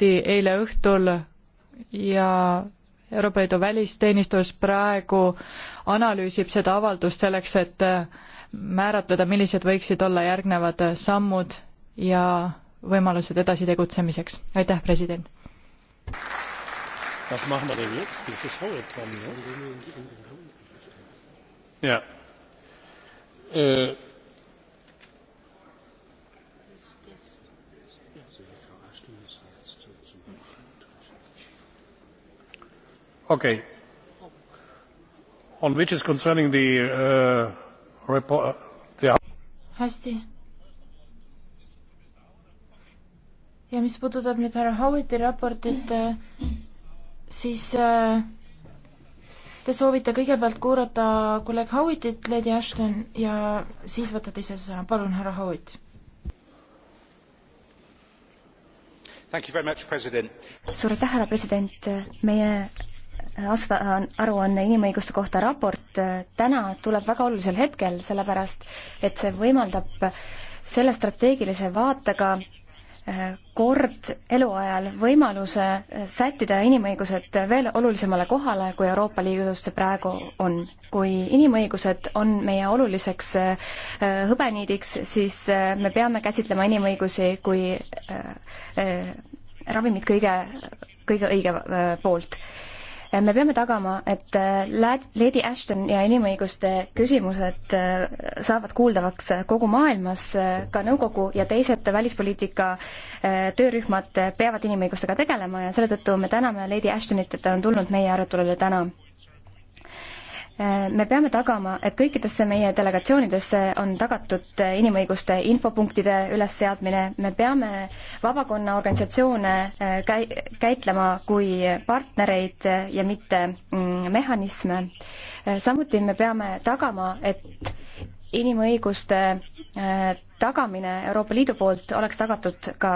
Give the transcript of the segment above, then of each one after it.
avati eile õhtul ja Euroopa Liidu välisteenistus praegu analüüsib seda avaldust selleks, et määratleda, millised võiksid olla järgnevad sammud ja võimalused edasi tegutsemiseks. aitäh, president! Was machen wir denn jetzt? Das ist heute dran, ne? Ja. Äh, Okay. on which is concerning the uh, report uh, the hästi ja mis puudutab nüüd härra Howitti raportit äh, siis äh, te soovite kõigepealt kuulata kolleeg Howittit, Lady Ashton ja siis võtate ise sõna, palun härra Howitt. suur aitäh, härra president, meie aastaaruanne äh, inimõiguste kohta raport äh, täna tuleb väga olulisel hetkel, sellepärast et see võimaldab selle strateegilise vaatega äh, kord eluajal võimaluse sättida inimõigused veel olulisemale kohale, kui Euroopa Liidus see praegu on. kui inimõigused on meie oluliseks hõbeniidiks, siis me peame käsitlema inimõigusi kui ravimid kõige, kõige õige poolt me peame tagama, et äh, Lady Ashton ja inimõiguste küsimused äh, saavad kuuldavaks äh, kogu maailmas, ka nõukogu ja teised välispoliitika töörühmad peavad inimõigustega tegelema ja selle tõttu me täname Lady Ashtonit, et ta on tulnud meie arutelule täna me peame tagama, et kõikidesse meie delegatsioonidesse on tagatud inimõiguste infopunktide ülesseadmine, me peame vabakonna organisatsioone äh, käi-, käitlema kui partnereid ja mitte mm, mehhanisme. Äh, samuti me peame tagama, et inimõiguste äh, tagamine Euroopa Liidu poolt oleks tagatud ka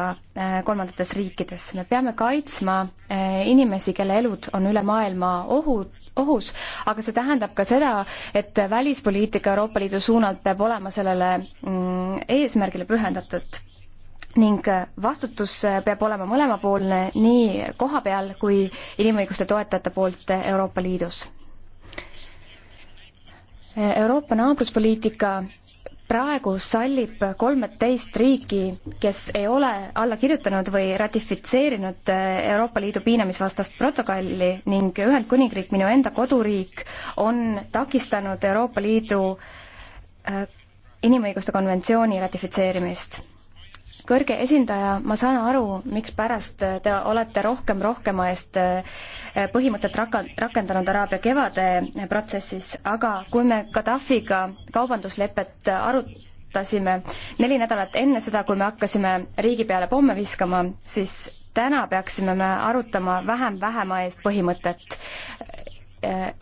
kolmandates riikides. me peame kaitsma inimesi, kelle elud on üle maailma ohud, ohus, aga see tähendab ka seda, et välispoliitika Euroopa Liidu suunal peab olema sellele mm, eesmärgile pühendatud ning äh, vastutus äh, peab olema mõlemapoolne nii koha peal kui inimõiguste toetajate poolt Euroopa Liidus. Äh, Euroopa naabruspoliitika praegu sallib kolmeteist riiki, kes ei ole alla kirjutanud või ratifitseerinud äh, Euroopa Liidu piinamisvastast protokolli ning Ühendkuningriik, minu enda koduriik, on takistanud Euroopa Liidu äh, inimõiguste konventsiooni ratifitseerimist kõrge esindaja, ma saan aru, mikspärast te olete rohkem rohkema eest eh, põhimõtet raka-, rakendanud Araabia kevade eh, protsessis, aga kui me Gaddafiga kaubanduslepet arutasime neli nädalat enne seda, kui me hakkasime riigi peale pomme viskama, siis täna peaksime me arutama vähem vähema eest põhimõtet.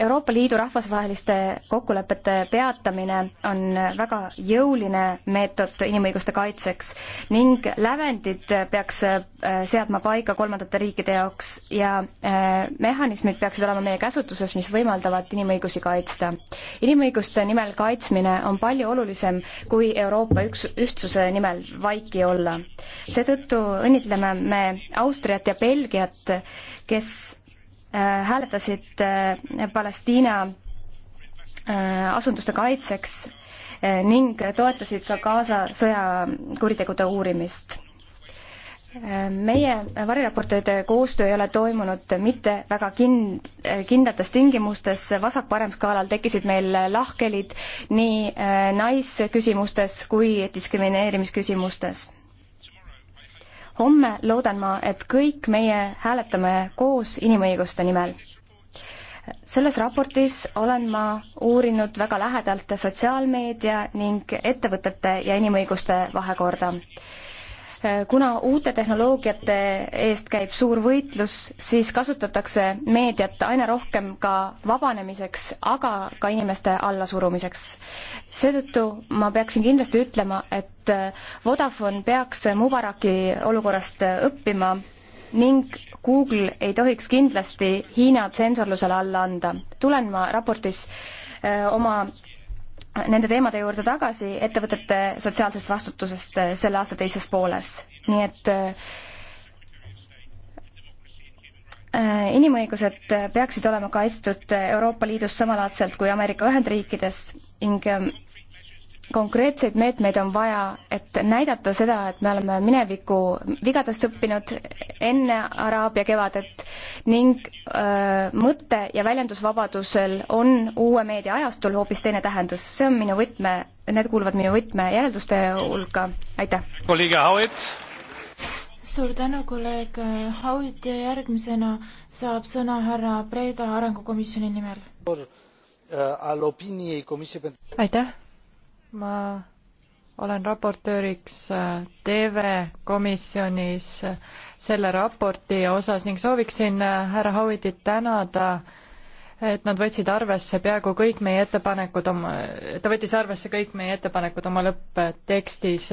Euroopa Liidu rahvusvaheliste kokkulepete peatamine on väga jõuline meetod inimõiguste kaitseks ning lävendid peaks äh, seadma paika kolmandate riikide jaoks ja äh, mehhanismid peaksid olema meie käsutuses, mis võimaldavad inimõigusi kaitsta. inimõiguste nimel kaitsmine on palju olulisem kui Euroopa üks, ühtsuse nimel vaiki olla. seetõttu õnnitleme me Austriat ja Belgiat, kes Äh, hääletasid äh, Palestiina äh, asunduste kaitseks ning toetasid ka Gaza sõjakuritegude uurimist. meie variraportööde koostöö ei ole toimunud mitte väga kind-, kindlates tingimustes, vasak-parem skaalal tekkisid meil lahkhelid nii naisküsimustes kui diskrimineerimisküsimustes homme loodan ma, et kõik meie hääletame koos inimõiguste nimel. selles raportis olen ma uurinud väga lähedalt sotsiaalmeedia ning ettevõtete ja inimõiguste vahekorda kuna uute tehnoloogiate eest käib suur võitlus, siis kasutatakse meediat aina rohkem ka vabanemiseks, aga ka inimeste allasurumiseks. seetõttu ma peaksin kindlasti ütlema, et Vodafone peaks Mubaraki olukorrast õppima ning Google ei tohiks kindlasti Hiina tsensorlusele alla anda. tulen ma raportis eh, oma nende teemade juurde tagasi ettevõtete sotsiaalsest vastutusest äh, selle aasta teises pooles. nii et äh, äh, inimõigused peaksid olema kaitstud Euroopa Liidus samalaadselt kui Ameerika Ühendriikides ning ähm, konkreetseid meetmeid on vaja, et näidata seda, et me oleme mineviku vigadest õppinud enne Araabia kevadet ning öö, mõtte- ja väljendusvabadusel on uue meedia ajastul hoopis teine tähendus. see on minu võtme, need kuuluvad minu võtmejärelduste hulka, aitäh! kolleeg Hauet. suur tänu, kolleeg Hauet ja järgmisena saab sõna härra Preeda Arengukomisjoni nimel. aitäh! ma olen raportööriks äh, TV komisjonis äh, selle raporti osas ning sooviksin äh, härra Howitit tänada, et nad võtsid arvesse peaaegu kõik meie ettepanekud oma, ta võttis arvesse kõik meie ettepanekud oma lõpptekstis.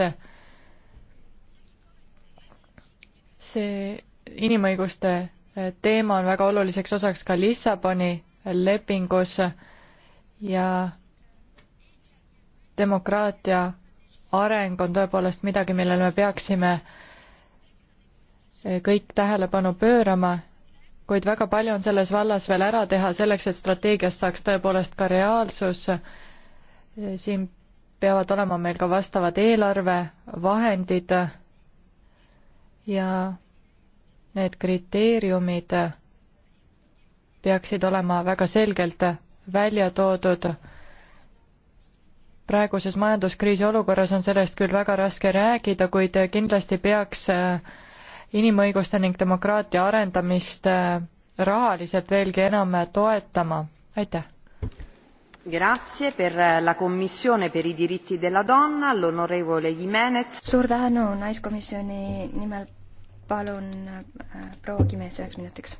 see inimõiguste teema on väga oluliseks osaks ka Lissaboni lepingus ja demokraatia areng on tõepoolest midagi, millele me peaksime eh, kõik tähelepanu pöörama, kuid väga palju on selles vallas veel ära teha selleks, et strateegiast saaks tõepoolest ka reaalsus. Eh, siin peavad olema meil ka vastavad eelarvevahendid ja need kriteeriumid peaksid olema väga selgelt välja toodud praeguses majanduskriisi olukorras on sellest küll väga raske rääkida, kuid kindlasti peaks äh, inimõiguste ning demokraatia arendamist äh, rahaliselt veelgi enam äh, toetama, aitäh! Grazie per la Commissione per i diritti della donna, l'onorevole Jimenez. suur tänu, naiskomisjoni nimel palun proua Jimenez üheks minutiks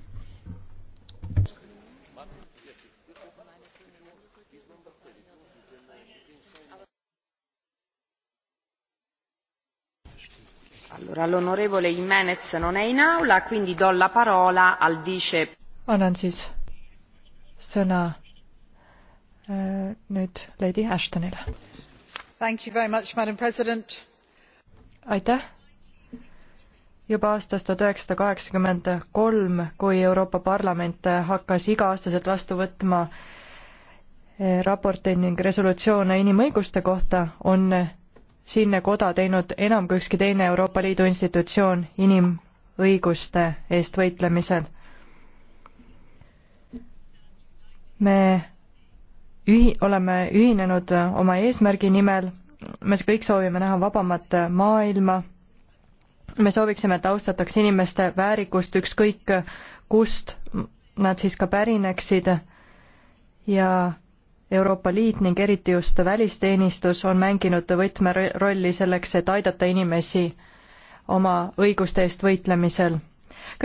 Allora, l'onorevole Jimenez non è in aula, quindi do la parola al vice... Annan siis sõna äh, nüüd Lady Ashtonile. Thank you very much, madam president. aitäh. juba aastast tuhat üheksasada kaheksakümmend kolm, kui Euroopa Parlament hakkas iga-aastaselt vastu võtma äh, raporteid ning resolutsioone inimõiguste kohta, on siinne koda teinud enam kui ükski teine Euroopa Liidu institutsioon inimõiguste eest võitlemisel. me ühi-, oleme ühinenud oma eesmärgi nimel, me kõik soovime näha vabamat maailma, me sooviksime, et austataks inimeste väärikust, ükskõik kust nad siis ka pärineksid ja Euroopa Liit ning eriti just välisteenistus on mänginud võtmerolli selleks, et aidata inimesi oma õiguste eest võitlemisel.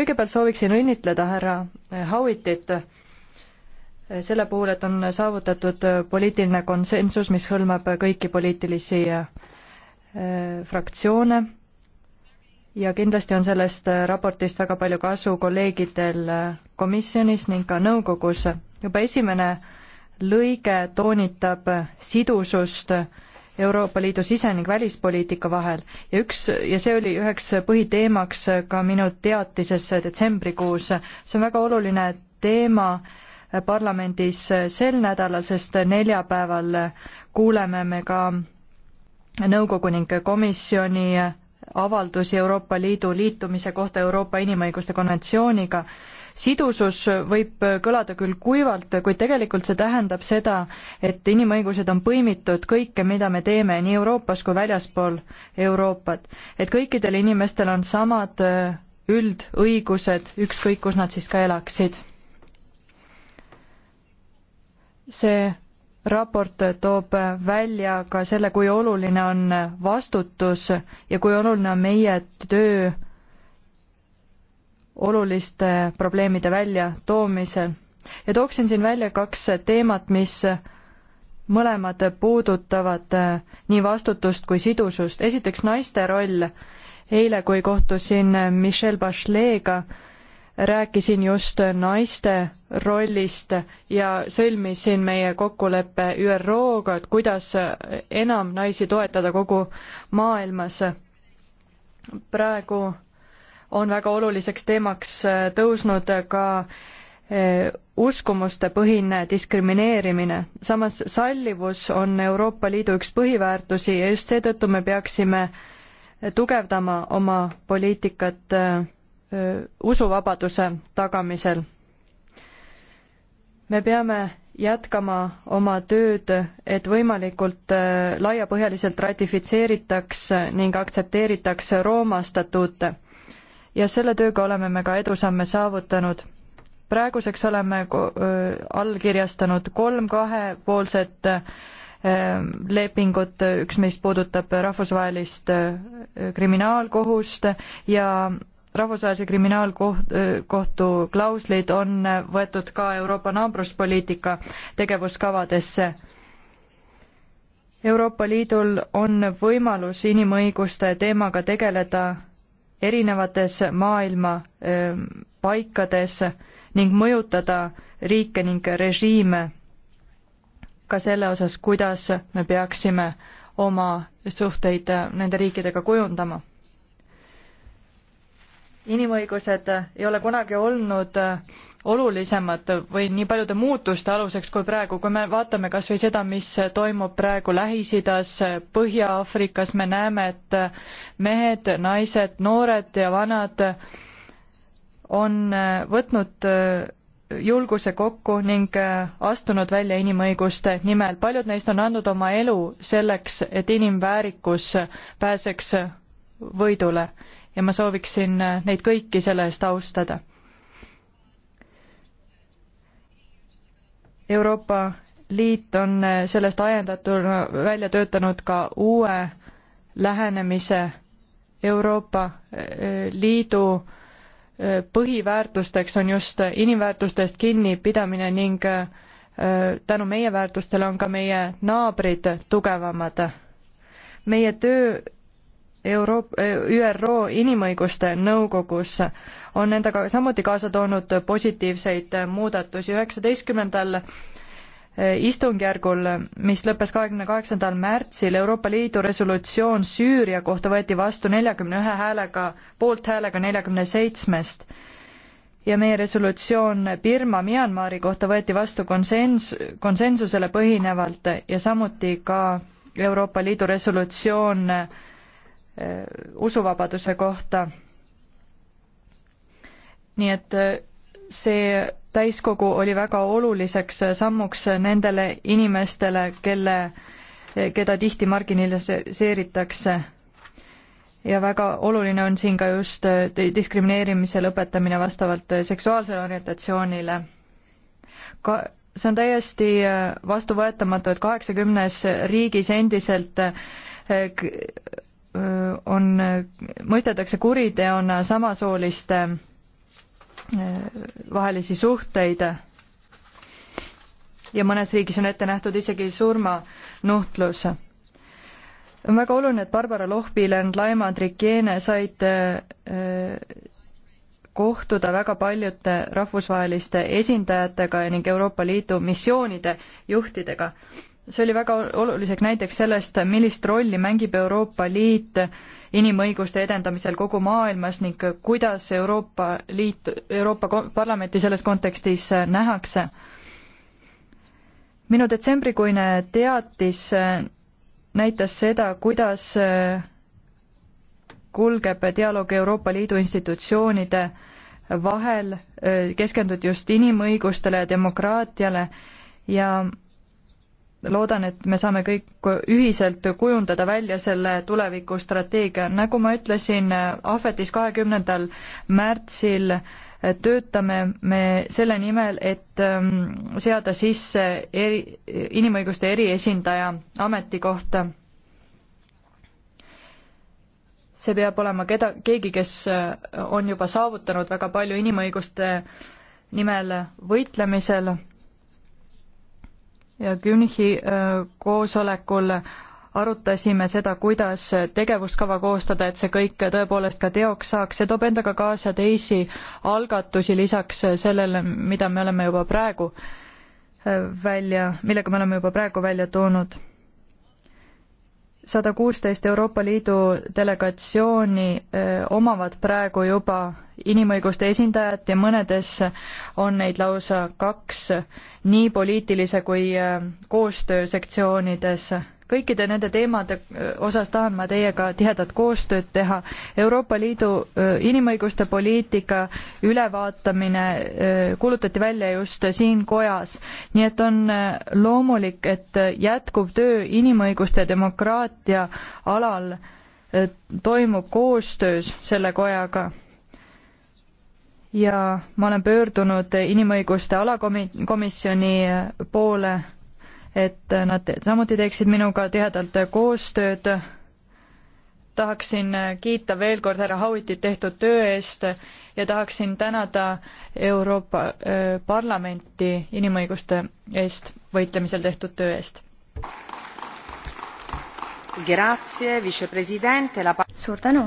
kõigepealt sooviksin õnnitleda härra Howitit selle puhul, et on saavutatud poliitiline konsensus, mis hõlmab kõiki poliitilisi äh, fraktsioone ja kindlasti on sellest raportist väga palju kasu kolleegidel äh, komisjonis ning ka nõukogus. juba esimene lõige toonitab sidusust Euroopa Liidu sise- ning välispoliitika vahel ja üks, ja see oli üheks põhiteemaks ka minu teatises detsembrikuus. see on väga oluline teema parlamendis sel nädalal, sest neljapäeval kuuleme me ka nõukogu ning komisjoni avaldusi Euroopa Liidu liitumise kohta Euroopa Inimõiguste konventsiooniga sidusus võib kõlada küll kuivalt, kuid tegelikult see tähendab seda, et inimõigused on põimitud kõike, mida me teeme nii Euroopas kui väljaspool Euroopat. et kõikidel inimestel on samad äh, üldõigused, ükskõik kus nad siis ka elaksid. see raport toob välja ka selle, kui oluline on vastutus ja kui oluline on meie töö oluliste probleemide väljatoomisel. ja tooksin siin välja kaks teemat, mis mõlemad puudutavad äh, nii vastutust kui sidusust. esiteks naiste roll. eile, kui kohtusin Michelle Bachelet'ga, rääkisin just naiste rollist ja sõlmisin meie kokkuleppe ÜRO-ga, et kuidas enam naisi toetada kogu maailmas. praegu on väga oluliseks teemaks äh, tõusnud ka äh, uskumuste põhine diskrimineerimine. samas sallivus on Euroopa Liidu üks põhiväärtusi ja just seetõttu me peaksime tugevdama oma poliitikat äh, usuvabaduse tagamisel. me peame jätkama oma tööd, et võimalikult laiapõhjaliselt ratifitseeritaks ning aktsepteeritaks Rooma statuute ja selle tööga oleme me ka edusamme saavutanud. praeguseks oleme allkirjastanud kolm kahepoolset lepingut, üks meist puudutab rahvusvahelist kriminaalkohust ja rahvusvahelise kriminaalkohtu klauslid on võetud ka Euroopa naabruspoliitika tegevuskavadesse. Euroopa Liidul on võimalus inimõiguste teemaga tegeleda erinevates maailma ähm, paikades ning mõjutada riike ning režiime ka selle osas, kuidas me peaksime oma suhteid äh, nende riikidega kujundama inimõigused ei ole kunagi olnud olulisemad või nii paljude muutuste aluseks kui praegu, kui me vaatame kas või seda, mis toimub praegu Lähis-Idas, Põhja-Aafrikas, me näeme, et mehed, naised, noored ja vanad on võtnud julguse kokku ning astunud välja inimõiguste nimel. paljud neist on andnud oma elu selleks, et inimväärikus pääseks võidule ja ma sooviksin äh, neid kõiki selle eest austada. Euroopa Liit on äh, sellest ajendatuna välja töötanud ka uue lähenemise Euroopa äh, Liidu põhiväärtusteks on just inimväärtustest kinnipidamine ning tänu meie väärtustele on ka meie naabrid tugevamad. meie töö Euroop-, ÜRO Inimõiguste Nõukogus on endaga samuti kaasa toonud positiivseid muudatusi. üheksateistkümnendal eh, istungjärgul, mis lõppes kahekümne kaheksandal märtsil, Euroopa Liidu resolutsioon Süüria kohta võeti vastu neljakümne ühe häälega, poolthäälega neljakümne seitsmest. ja meie resolutsioon Birma, Myanmari kohta võeti vastu konsens-, konsensusele põhinevalt ja samuti ka Euroopa Liidu resolutsioon Äh, usuvabaduse kohta. nii et äh, see täiskogu oli väga oluliseks äh, sammuks nendele inimestele, kelle, keda tihti marginaliseeritakse. ja väga oluline on siin ka just diskrimineerimise lõpetamine vastavalt seksuaalsele orientatsioonile. ka see on täiesti vastuvõetamatu, et kaheksakümnes riigis endiselt on, mõistetakse kuriteona samasooliste vahelisi suhteid ja mõnes riigis on ette nähtud isegi surmanuhtlus. on väga oluline, et Barbara Lohbilen, Laima Andrikiene said kohtuda väga paljude rahvusvaheliste esindajatega ning Euroopa Liidu missioonide juhtidega see oli väga oluliseks näiteks sellest, millist rolli mängib Euroopa Liit inimõiguste edendamisel kogu maailmas ning kuidas Euroopa Liit, Euroopa Parlamenti selles kontekstis nähakse. minu detsembrikuine teatis näitas seda, kuidas kulgeb dialoog Euroopa Liidu institutsioonide vahel, keskenduti just inimõigustele ja demokraatiale ja loodan, et me saame kõik ühiselt kujundada välja selle tulevikustrateegia. nagu ma ütlesin, ahvetis kahekümnendal märtsil töötame me selle nimel, et ähm, seada sisse eri, inimõiguste eriesindaja ametikohta. see peab olema keda, keegi, kes äh, on juba saavutanud väga palju inimõiguste nimel võitlemisel ja Künichi äh, koosolekul arutasime seda, kuidas tegevuskava koostada, et see kõik tõepoolest ka teoks saaks, see toob endaga kaasa teisi algatusi lisaks sellele, mida me oleme juba praegu äh, välja, millega me oleme juba praegu välja toonud sada kuusteist Euroopa Liidu delegatsiooni omavad praegu juba inimõiguste esindajat ja mõnedes on neid lausa kaks nii poliitilise kui koostöösektsioonides kõikide nende teemade osas tahan ma teiega tihedat koostööd teha. Euroopa Liidu inimõiguste poliitika ülevaatamine kuulutati välja just siin kojas, nii et on loomulik, et jätkuv töö inimõiguste ja demokraatia alal toimub koostöös selle kojaga ja ma olen pöördunud inimõiguste alakomisjoni poole et nad samuti teeksid minuga tihedalt koostööd. tahaksin kiita veel kord härra Howitit tehtud töö eest ja tahaksin tänada Euroopa äh, Parlamenti inimõiguste eest võitlemisel tehtud töö eest. La... suur tänu.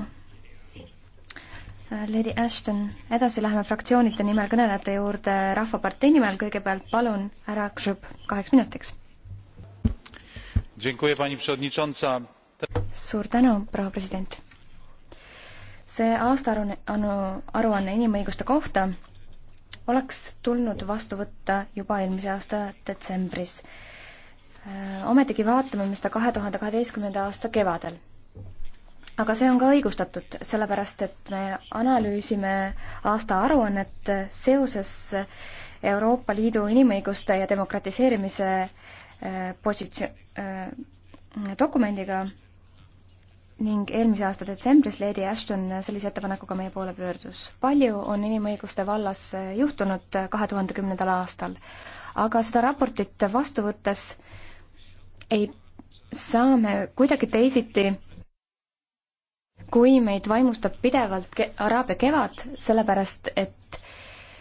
Äh, Lady Ashton, edasi läheme fraktsioonide nimel kõnelejate juurde Rahvapartei nimel, kõigepealt palun härra Kšõp kaheks minutiks suur tänu, proua president. see aastaaruanne, aruanne inimõiguste kohta oleks tulnud vastu võtta juba eelmise aasta detsembris. Äh, ometigi vaatame me seda kahe tuhande kaheteistkümnenda aasta kevadel. aga see on ka õigustatud, sellepärast et me analüüsime aastaaruannet seoses Euroopa Liidu inimõiguste ja demokratiseerimise positsio-, äh, dokumendiga ning eelmise aasta detsembris Lady Ashton sellise ettepanekuga meie poole pöördus. palju on inimõiguste vallas juhtunud kahe tuhande kümnendal aastal, aga seda raportit vastu võttes ei saa me kuidagi teisiti, kui meid vaimustab pidevalt ke-, Araabia kevad, sellepärast et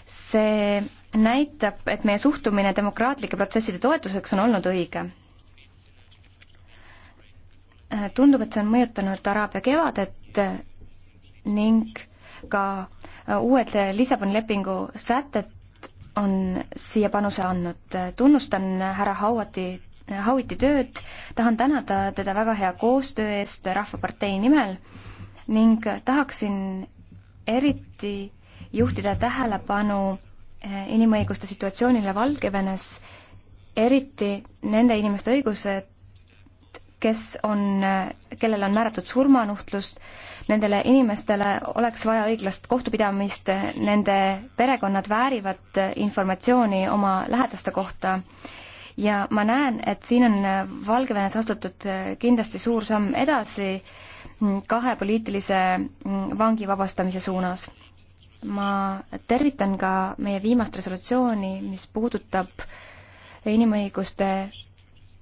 see näitab, et meie suhtumine demokraatlike protsesside toetuseks on olnud õige. tundub, et see on mõjutanud Araabia kevadet ning ka uued Lissaboni lepingu sätted on siia panuse andnud. tunnustan härra Hauati, Hauiti tööd, tahan tänada teda väga hea koostöö eest Rahvapartei nimel ning tahaksin eriti juhtida tähelepanu Äh, inimõiguste situatsioonile Valgevenes, eriti nende inimeste õigused, kes on, kellele on määratud surmanuhtlust, nendele inimestele oleks vaja õiglast kohtupidamist, nende perekonnad väärivad informatsiooni oma lähedaste kohta ja ma näen, et siin on Valgevenes astutud kindlasti suur samm edasi kahe poliitilise vangi vabastamise suunas ma tervitan ka meie viimast resolutsiooni, mis puudutab inimõigustest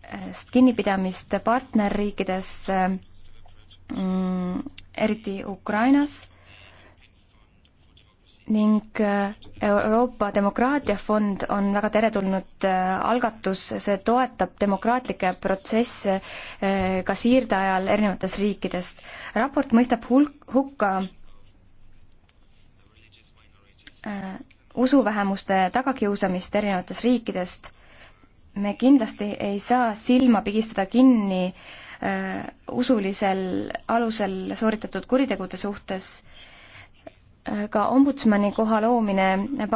äh, kinnipidamist partnerriikides, mm, eriti Ukrainas, ning äh, Euroopa Demokraatiafond on väga teretulnud äh, algatus, see toetab demokraatlikke protsesse ka siirdajal erinevatest riikidest. raport mõistab hulk, hukka Äh, usuvähemuste tagakiusamist erinevatest riikidest. me kindlasti ei saa silma pigistada kinni äh, usulisel alusel sooritatud kuritegude suhtes. Äh, ka ombudsmani koha loomine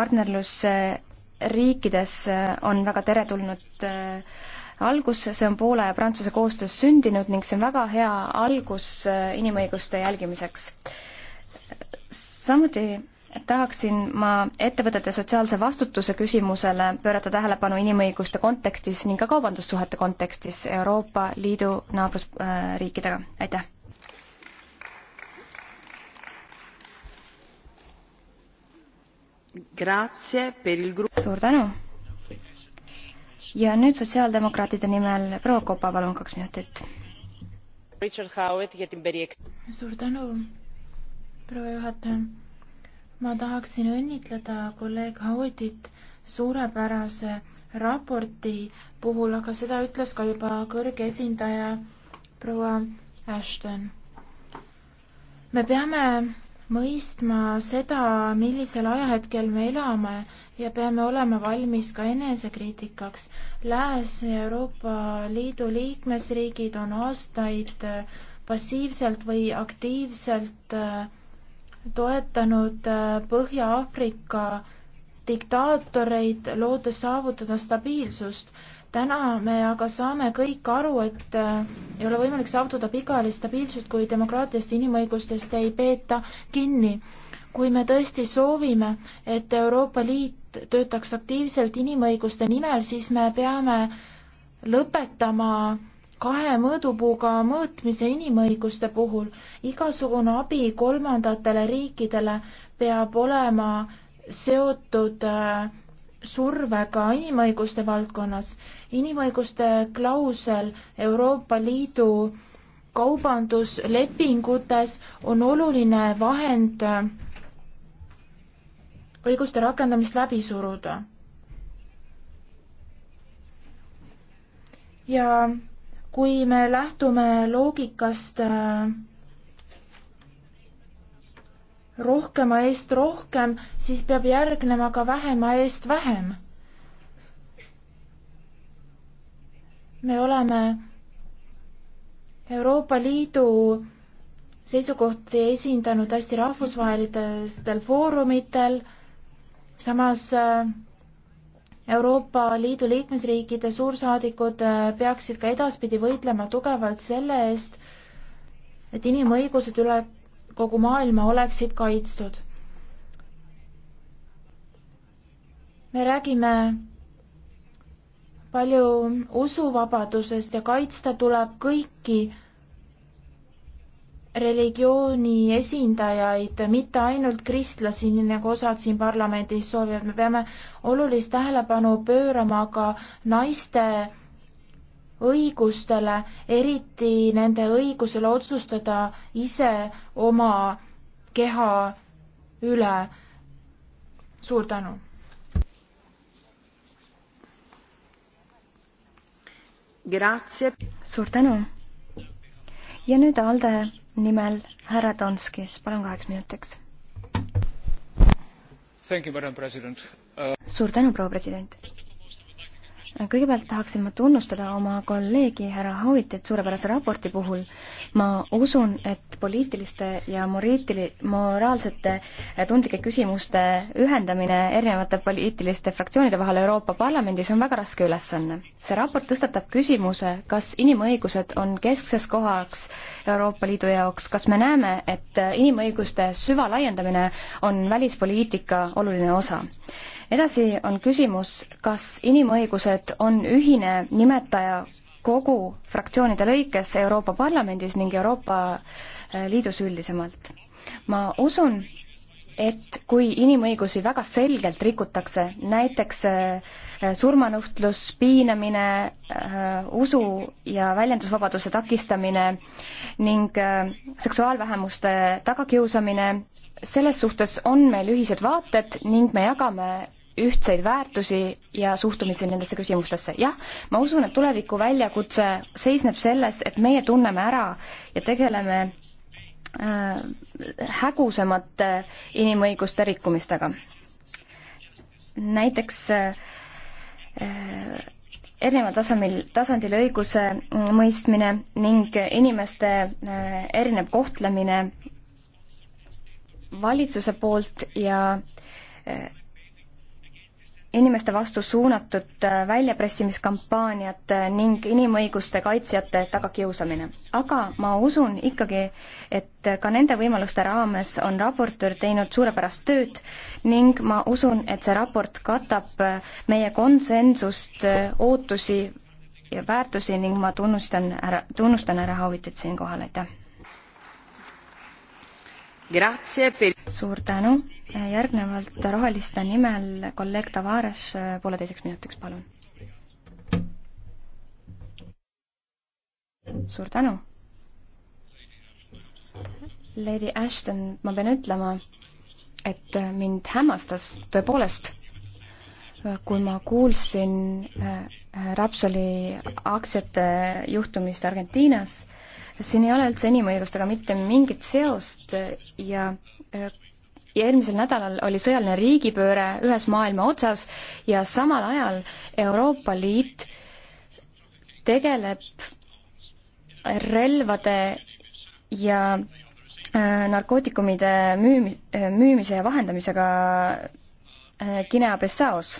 partnerlusriikides on väga teretulnud algus, see on Poola ja Prantsuse koostöös sündinud ning see on väga hea algus inimõiguste jälgimiseks. samuti tahaksin ma ettevõtete sotsiaalse vastutuse küsimusele pöörata tähelepanu inimõiguste kontekstis ning ka kaubandussuhete kontekstis Euroopa Liidu naabrusriikidega, aitäh! suur tänu! ja nüüd sotsiaaldemokraatide nimel proua Kopa, palun kaks minutit. suur tänu, proua juhataja ma tahaksin õnnitleda kolleeg Hautit suurepärase raporti puhul, aga seda ütles ka juba kõrge esindaja proua Ashton. me peame mõistma seda, millisel ajahetkel me elame ja peame olema valmis ka enesekriitikaks. Lääs ja Euroopa Liidu liikmesriigid on aastaid passiivselt või aktiivselt äh, toetanud äh, Põhja-Aafrika diktaatoreid, lootes saavutada stabiilsust. täna me aga saame kõik aru, et äh, ei ole võimalik saavutada pikaajalist stabiilsust, kui demokraatiast ja inimõigustest ei peeta kinni. kui me tõesti soovime, et Euroopa Liit töötaks aktiivselt inimõiguste nimel, siis me peame lõpetama kahe mõõdupuuga mõõtmise inimõiguste puhul igasugune abi kolmandatele riikidele peab olema seotud äh, survega inimõiguste valdkonnas. inimõiguste klausel Euroopa Liidu kaubanduslepingutes on oluline vahend äh, õiguste rakendamist läbi suruda. ja kui me lähtume loogikast äh, rohkema eest rohkem, siis peab järgnema ka vähema eest vähem. me oleme Euroopa Liidu seisukohti esindanud hästi rahvusvahelistel foorumitel, samas äh, Euroopa Liidu liikmesriikide suursaadikud äh, peaksid ka edaspidi võitlema tugevalt selle eest, et inimõigused üle kogu maailma oleksid kaitstud. me räägime palju usuvabadusest ja kaitsta tuleb kõiki religiooni esindajaid, mitte ainult kristlasi, nii nagu osad siin parlamendis soovivad, me peame olulist tähelepanu pöörama ka naiste õigustele, eriti nende õigusele otsustada ise oma keha üle. suur tänu! suur tänu! ja nüüd Alde nimel härra Donskis, palun kaheks minutiks. Uh... suur tänu, proua president! kõigepealt tahaksin ma tunnustada oma kolleegi härra Hauitit suurepärase raporti puhul. ma usun, et poliitiliste ja moriitili-, moraalsete tundlike küsimuste ühendamine erinevate poliitiliste fraktsioonide vahel Euroopa Parlamendis on väga raske ülesanne. see raport tõstatab küsimuse, kas inimõigused on keskses kohaks Euroopa Liidu jaoks, kas me näeme, et inimõiguste süvalaiendamine on välispoliitika oluline osa edasi on küsimus, kas inimõigused on ühine nimetaja kogu fraktsioonide lõikes Euroopa Parlamendis ning Euroopa eh, Liidus üldisemalt. ma usun, et kui inimõigusi väga selgelt rikutakse, näiteks eh, surmanuhtlus, piinamine, eh, usu- ja väljendusvabaduse takistamine ning seksuaalvähemuste tagakiusamine, selles suhtes on meil ühised vaated ning me jagame ühtseid väärtusi ja suhtumisi nendesse küsimustesse. jah, ma usun, et tuleviku väljakutse seisneb selles, et meie tunneme ära ja tegeleme äh, hägusamate inimõiguste rikkumistega. näiteks äh, erineval tasemel, tasandil õiguse mõistmine ning inimeste äh, erinev kohtlemine valitsuse poolt ja äh, inimeste vastu suunatud äh, väljapressimiskampaaniad äh, ning inimõiguste kaitsjate tagakiusamine. aga ma usun ikkagi, et ka nende võimaluste raames on raportöör teinud suurepärast tööd ning ma usun, et see raport katab äh, meie konsensust, ootusi ja väärtusi ning ma tunnustan ära, tunnustan ära Haavitit siinkohal, aitäh! Per... suur tänu, järgnevalt Roheliste nimel kolleeg Tavares pooleteiseks minutiks, palun. suur tänu. Lady Ashton, ma pean ütlema, et mind hämmastas tõepoolest, kui ma kuulsin äh, Rapsoli aktsiate juhtumist Argentiinas siin ei ole üldse inimõigustega mitte mingit seost ja äh, ja eelmisel nädalal oli sõjaline riigipööre ühes maailma otsas ja samal ajal Euroopa Liit tegeleb relvade ja äh, narkootikumide müümi-, äh, müümise ja vahendamisega Guinea-Bissaus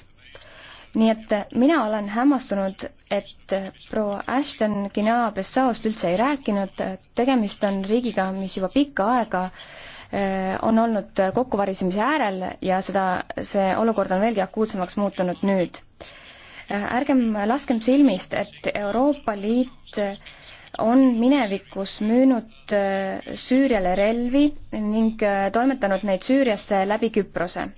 nii et mina olen hämmastunud, et proua Ashton Guinea-Bissaust üldse ei rääkinud, tegemist on riigiga, mis juba pikka aega äh, on olnud kokkuvarisemise äärel ja seda, see olukord on veelgi akuutsemaks muutunud nüüd. Äh, ärgem laskem silmist, et Euroopa Liit on minevikus müünud äh, Süüriale relvi ning toimetanud neid Süüriasse läbi Küprose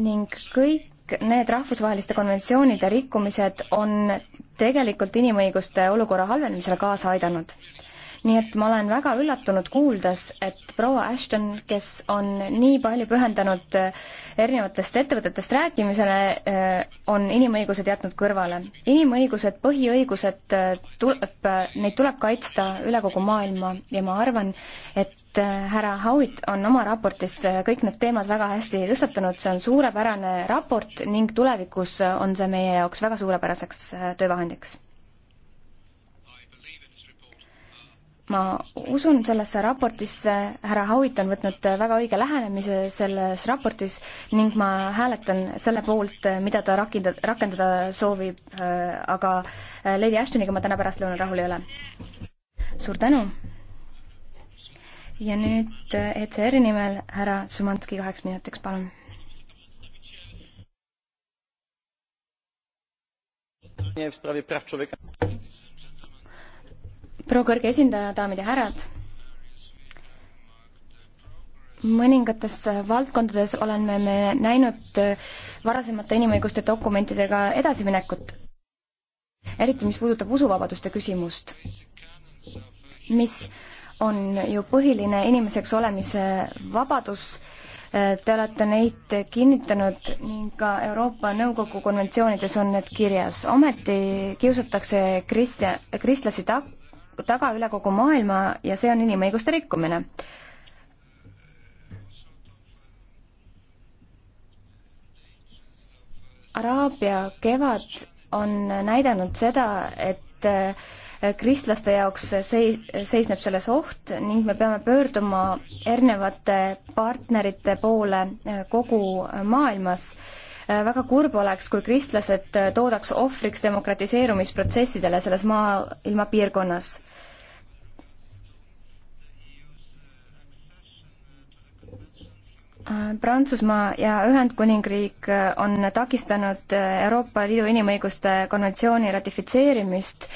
ning kõik need rahvusvaheliste konventsioonide rikkumised on tegelikult inimõiguste olukorra halvenemisele kaasa aidanud. nii et ma olen väga üllatunud kuuldes, et proua Ashton, kes on nii palju pühendanud äh, erinevatest ettevõtetest rääkimisele, äh, on inimõigused jätnud kõrvale. inimõigused, põhiõigused äh, tuleb, neid tuleb kaitsta üle kogu maailma ja ma arvan, et et äh, härra Howitt on oma raportis äh, kõik need teemad väga hästi tõstatanud, see on suurepärane raport ning tulevikus äh, on see meie jaoks väga suurepäraseks töövahendiks. ma usun sellesse raportisse, härra Howitt on võtnud väga õige lähenemise selles raportis ning ma hääletan selle poolt, mida ta rakenda, rakendada soovib, aga Lady Ashtoniga ma täna pärastlõunal rahul ei ole. suur tänu! ja nüüd äh, ECR-i nimel härra Sumanski kaheks minutiks, palun. proua kõrge esindaja, daamid ja härrad mõningates äh, valdkondades oleme me näinud äh, varasemate inimõiguste dokumentidega edasiminekut, eriti mis puudutab usuvabaduste küsimust, mis on ju põhiline inimeseks olemise vabadus. Te olete neid kinnitanud ning ka Euroopa Nõukogu konventsioonides on need kirjas. ometi kiusatakse kristja, kristlasi ta-, taga üle kogu maailma ja see on inimõiguste rikkumine. Araabia kevad on näidanud seda, et kristlaste jaoks sei-, seisneb selles oht ning me peame pöörduma erinevate partnerite poole eh, kogu maailmas. Eh, väga kurb oleks, kui kristlased eh, toodaks ohvriks demokratiseerumisprotsessidele selles maailma piirkonnas Prantsusmaa ja Ühendkuningriik on takistanud Euroopa Liidu inimõiguste konventsiooni ratifitseerimist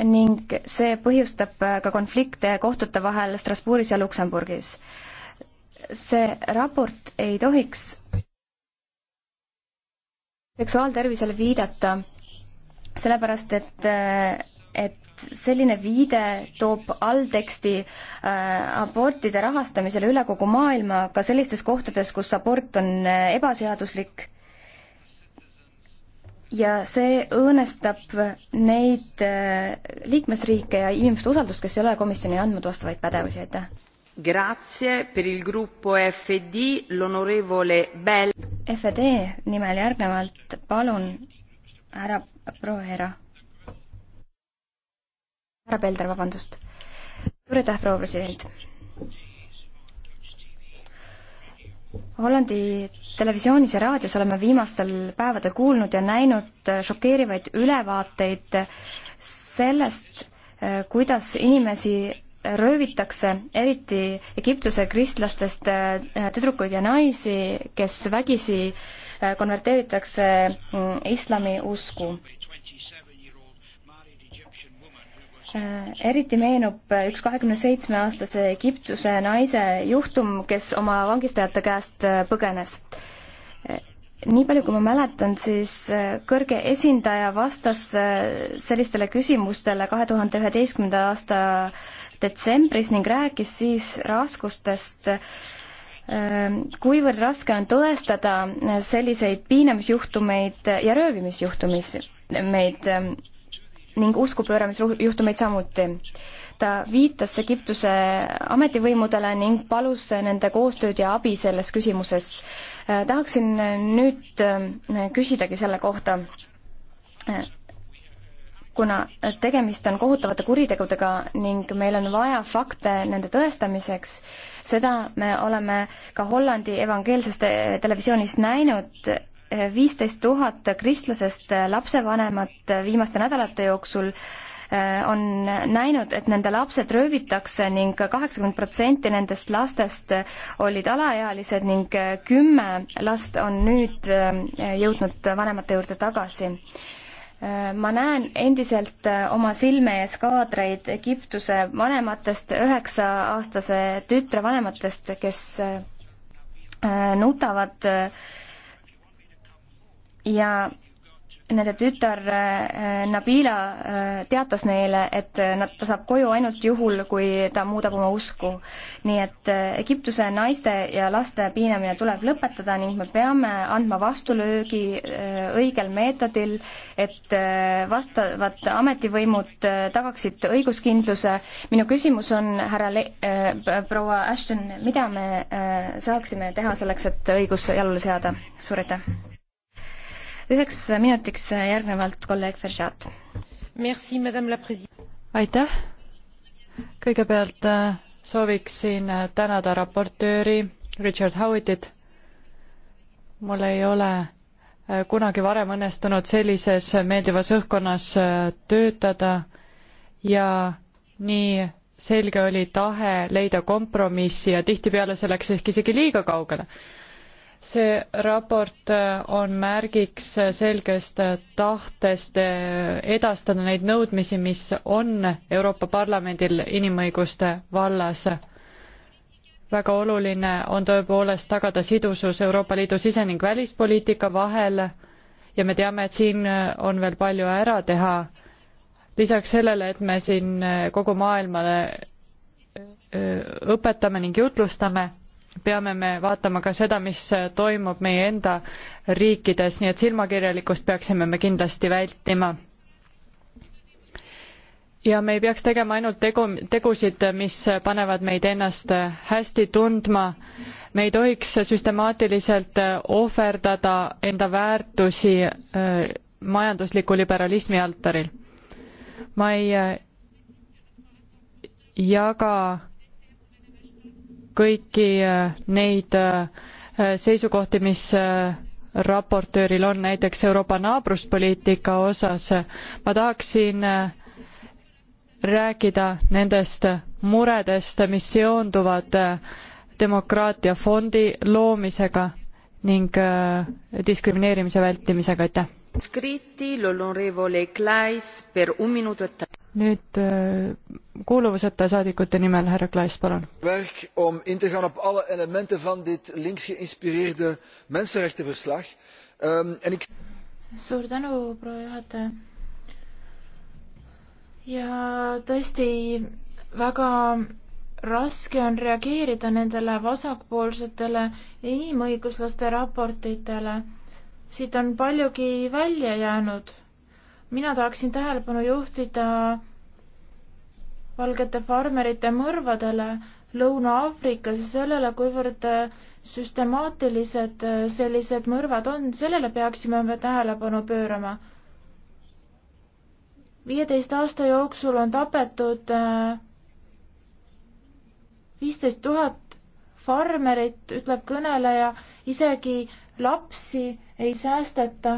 ning see põhjustab ka konflikte kohtute vahel Strasbourgis ja Luksemburgis. see raport ei tohiks seksuaaltervisele viidata, sellepärast et, et selline viide toob allteksti äh, abortide rahastamisele üle kogu maailma, ka sellistes kohtades, kus abort on äh, ebaseaduslik ja see õõnestab neid äh, liikmesriike ja inimeste usaldust, kes ei ole komisjonile andnud vastavaid pädevusi, aitäh. Grazie per il gruppo FD l'onorevole Bell. FD nimel järgnevalt palun härra Proera. härra Pelder, vabandust. suur aitäh, proua president Hollandi televisioonis ja raadios oleme viimastel päevadel kuulnud ja näinud äh, šokeerivaid ülevaateid sellest, äh, kuidas inimesi röövitakse, eriti Egiptuse kristlastest äh, tüdrukuid ja naisi, kes vägisi konverteeritakse mm, islami usku. Äh, eriti meenub äh, üks kahekümne seitsme aastase Egiptuse naise juhtum, kes oma vangistajate käest äh, põgenes. nii palju, kui ma mäletan, siis kõrge esindaja vastas sellistele küsimustele kahe tuhande üheteistkümnenda aasta detsembris ning rääkis siis raskustest, kuivõrd raske on tõestada selliseid piinamisjuhtumeid ja röövimisjuhtumeid ähm, ning uskupööramisjuhtumeid samuti. ta viitas Egiptuse ametivõimudele ning palus nende koostööd ja abi selles küsimuses. Äh, tahaksin nüüd äh, küsidagi selle kohta, äh, kuna tegemist on kohutavate kuritegudega ning meil on vaja fakte nende tõestamiseks, seda me oleme ka Hollandi evangeelses te televisioonis näinud, viisteist tuhat kristlasest lapsevanemat viimaste nädalate jooksul äh, on näinud, et nende lapsed röövitakse ning kaheksakümmend protsenti nendest lastest olid alaealised ning äh, kümme last on nüüd äh, jõudnud vanemate juurde tagasi. ma näen endiselt oma silme ees kaadreid Egiptuse vanematest, üheksa-aastase tütre vanematest, kes nutavad äh, ja nende tütar äh, Nabila äh, teatas neile, et äh, nad, ta saab koju ainult juhul, kui ta muudab oma usku. nii et Egiptuse naiste ja laste piinamine tuleb lõpetada ning me peame andma vastulöögi õigel meetodil, et vastavad ametivõimud tagaksid õiguskindluse. minu küsimus on, härra Le-, proua Ashton, mida me saaksime teha selleks, et õigus jalule seada? suur aitäh! üheks minutiks järgnevalt kolleeg Feržat. aitäh, kõigepealt äh, sooviksin äh, tänada raportööri Richard Howitit. mul ei ole äh, kunagi varem õnnestunud sellises meeldivas õhkkonnas töötada ja nii selge oli tahe leida kompromissi ja tihtipeale see läks ehk isegi liiga kaugele see raport äh, on märgiks äh, selgest äh, tahtest edastada neid nõudmisi, mis on Euroopa Parlamendil inimõiguste vallas. väga oluline on tõepoolest tagada sidusus Euroopa Liidu sise- ning välispoliitika vahel ja me teame, et siin on veel palju ära teha. lisaks sellele, et me siin kogu maailmale õpetame ning jutlustame peame me vaatama ka seda, mis toimub meie enda riikides, nii et silmakirjalikkust peaksime me kindlasti vältima. ja me ei peaks tegema ainult tegu, tegusid, mis panevad meid ennast hästi tundma. me ei tohiks süstemaatiliselt ohverdada enda väärtusi äh, majandusliku liberalismi altaril. ma ei äh, jaga kõiki äh, neid äh, seisukohti, mis äh, raportööril on näiteks Euroopa naabruspoliitika osas. ma tahaksin rääkida nendest muredest, mis seonduvad demokraatia fondi loomisega ning diskrimineerimise vältimisega, aitäh! E nüüd äh, kuuluvuseta saadikute nimel härra Klaas, palun. werk om in te gaan op alle elementen van dit links geïnspireerde mensenrechtenverslag um, en ik. suur tänu, proua juhataja. ja tõesti väga raske on reageerida nendele vasakpoolsetele inimõiguslaste raportitele siit on paljugi välja jäänud. mina tahaksin tähelepanu juhtida valgete farmerite mõrvadele Lõuna-Aafrikas ja sellele, kuivõrd äh, süstemaatilised äh, sellised mõrvad on, sellele peaksime me tähelepanu pöörama. viieteist aasta jooksul on tapetud äh, viisteist tuhat farmerit, ütleb kõneleja, isegi lapsi ei säästeta.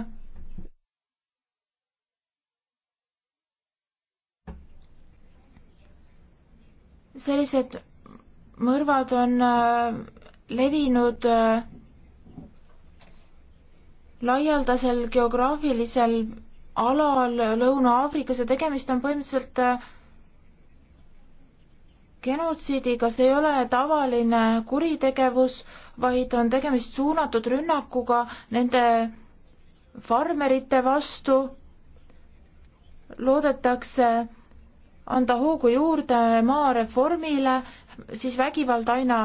sellised mõrvad on äh, levinud äh, laialdasel geograafilisel alal Lõuna-Aafrikas ja tegemist on põhimõtteliselt äh, genotsiidiga, see ei ole tavaline kuritegevus vaid on tegemist suunatud rünnakuga nende farmerite vastu. loodetakse anda hoogu juurde maareformile, siis vägivald aina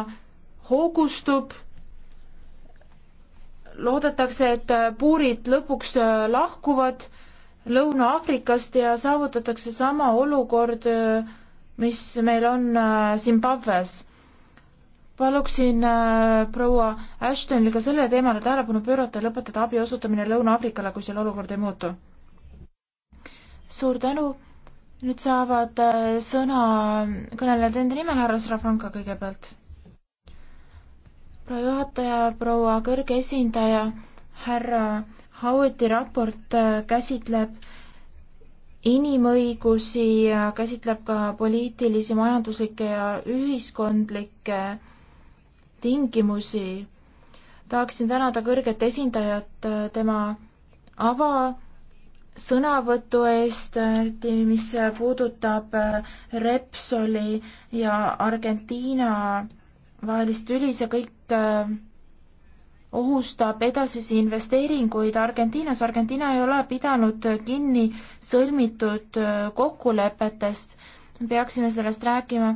hoogustub. loodetakse, et puurid lõpuks lahkuvad Lõuna-Aafrikast ja saavutatakse sama olukord, mis meil on Zimbabwe's paluksin äh, proua Ashtonil ka sellele teemale tähelepanu pöörata ja lõpetada abi osutamine Lõuna-Aafrikale, kui seal olukord ei muutu. suur tänu, nüüd saavad äh, sõna kõnelejad enda nimel, härra Srafranka kõigepealt. proua juhataja, proua kõrge esindaja, härra Howiti raport äh, käsitleb inimõigusi ja käsitleb ka poliitilisi, majanduslikke ja ühiskondlikke tingimusi. tahaksin tänada kõrget esindajat äh, tema avasõnavõtu eest, mis puudutab äh, Repsoli ja Argentiina vahelist tüli, see kõik äh, ohustab edasisi investeeringuid Argentiinas. Argentiina ei ole pidanud kinni sõlmitud kokkulepetest. peaksime sellest rääkima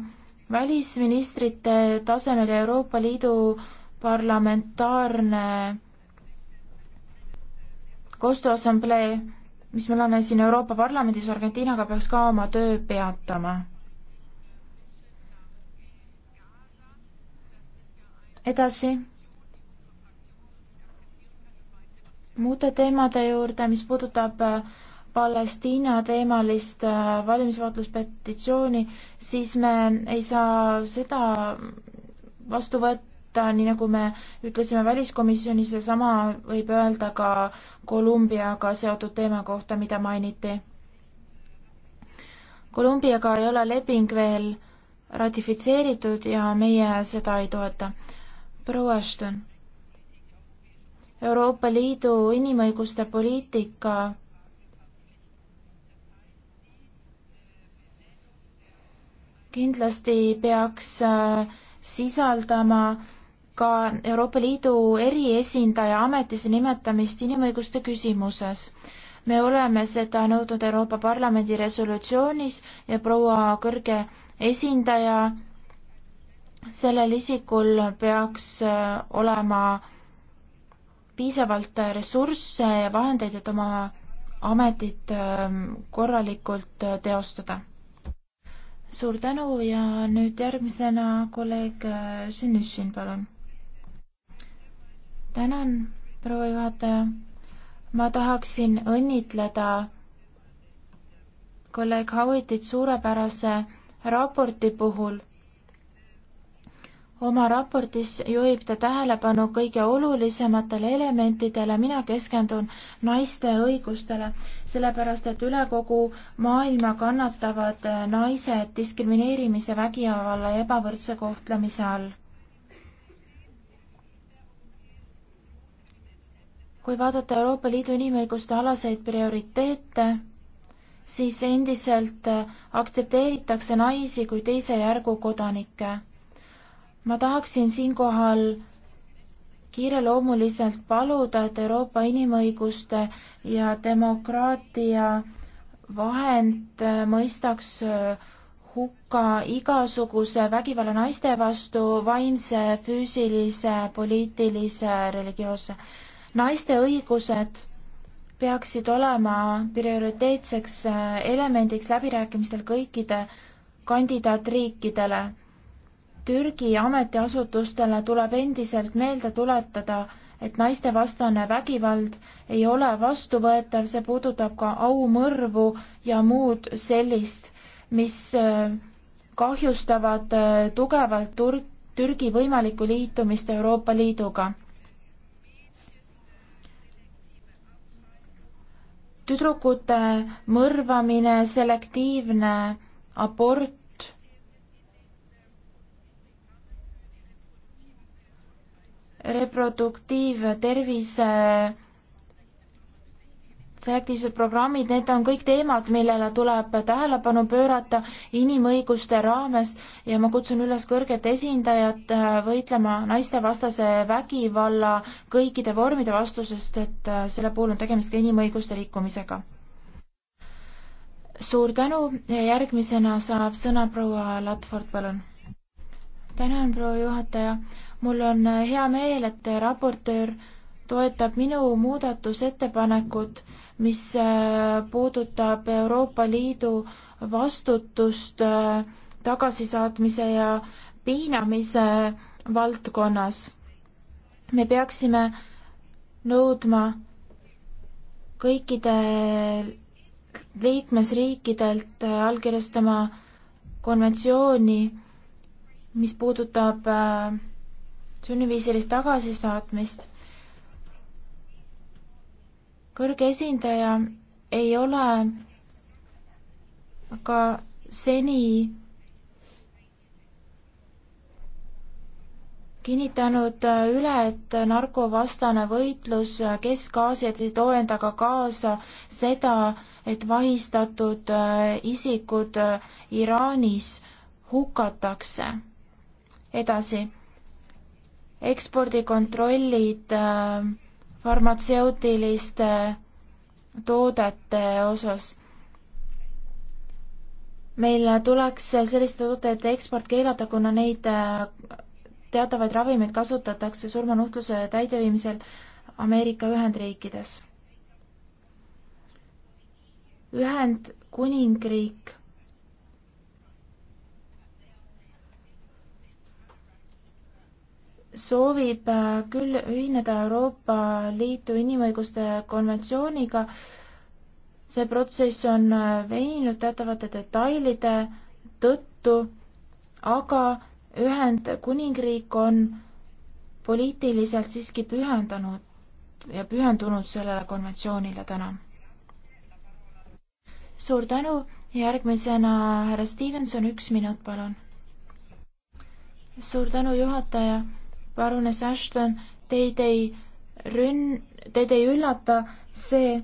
välisministrite tasemel ja Euroopa Liidu parlamentaarne koostööassamblee, mis meil on siin Euroopa Parlamendis Argentiinaga, peaks ka oma töö peatama. edasi. muude teemade juurde, mis puudutab äh, Palestiina teemalist äh, valimisvaatluspetitsiooni, siis me ei saa seda vastu võtta, nii nagu me ütlesime väliskomisjonis ja sama võib öelda ka Kolumbiaga seotud teema kohta, mida mainiti. Kolumbiaga ei ole leping veel ratifitseeritud ja meie seda ei toeta. proua Ashton Euroopa Liidu inimõiguste poliitika kindlasti peaks äh, sisaldama ka Euroopa Liidu eriesindaja ametisse nimetamist inimõiguste küsimuses. me oleme seda nõudnud Euroopa Parlamendi resolutsioonis ja proua kõrge esindaja sellel isikul peaks äh, olema piisavalt ressursse ja vahendeid, et oma ametit ähm, korralikult äh, teostada suur tänu ja nüüd järgmisena kolleeg Šinišin, äh, palun. tänan, proua juhataja. ma tahaksin õnnitleda kolleeg Howitit suurepärase raporti puhul oma raportis juhib ta tähelepanu kõige olulisematele elementidele, mina keskendun naiste õigustele, sellepärast et üle kogu maailma kannatavad äh, naised diskrimineerimise, vägivalla ja ebavõrdse kohtlemise all. kui vaadata Euroopa Liidu inimõiguste alaseid prioriteete, siis endiselt äh, aktsepteeritakse naisi kui teise järgu kodanikke ma tahaksin siinkohal kiireloomuliselt paluda, et Euroopa inimõiguste ja demokraatia vahend mõistaks hukka igasuguse vägivalla naiste vastu vaimse, füüsilise, poliitilise, religioosse. naiste õigused peaksid olema prioriteetseks elemendiks läbirääkimistel kõikide kandidaatriikidele Türgi ametiasutustele tuleb endiselt meelde tuletada, et naistevastane vägivald ei ole vastuvõetav, see puudutab ka aumõrvu ja muud sellist, mis äh, kahjustavad äh, tugevalt Tur-, Türgi võimalikku liitumist Euroopa Liiduga. tüdrukute mõrvamine, selektiivne abort, reproduktiivtervise selektiivsed programmid, need on kõik teemad, millele tuleb tähelepanu pöörata inimõiguste raames ja ma kutsun üles kõrget esindajat äh, võitlema naistevastase vägivalla kõikide vormide vastu, sest et äh, selle puhul on tegemist ka inimõiguste rikkumisega. suur tänu ja järgmisena saab sõna proua Latford, palun. tänan, proua juhataja mul on äh, hea meel, et äh, raportöör toetab minu muudatusettepanekut, mis äh, puudutab Euroopa Liidu vastutust tagasisaatmise ja piinamise valdkonnas. me peaksime nõudma kõikide liikmesriikidelt allkirjastama konventsiooni, mis puudutab äh, sunniviisilist tagasisaatmist. kõrge esindaja ei ole aga seni kinnitanud üle, et narkovastane võitlus Kesk-Aasiat ei too endaga kaasa seda, et vahistatud äh, isikud äh, Iraanis hukatakse. edasi ekspordikontrollid äh, farmatseutiliste toodete osas. meil tuleks selliste toodete eksport keelata, kuna neid äh, teatavaid ravimeid kasutatakse surmanuhtluse täideviimisel Ameerika Ühendriikides. Ühendkuningriik soovib äh, küll ühineda Euroopa Liitu inimõiguste konventsiooniga, see protsess on äh, veninud teatavate detailide tõttu, aga Ühendkuningriik on poliitiliselt siiski pühendunud ja pühendunud sellele konventsioonile täna. suur tänu, järgmisena härra Stevenson, üks minut, palun. suur tänu, juhataja parunes Ashton, teid ei rünn-, teid ei üllata see,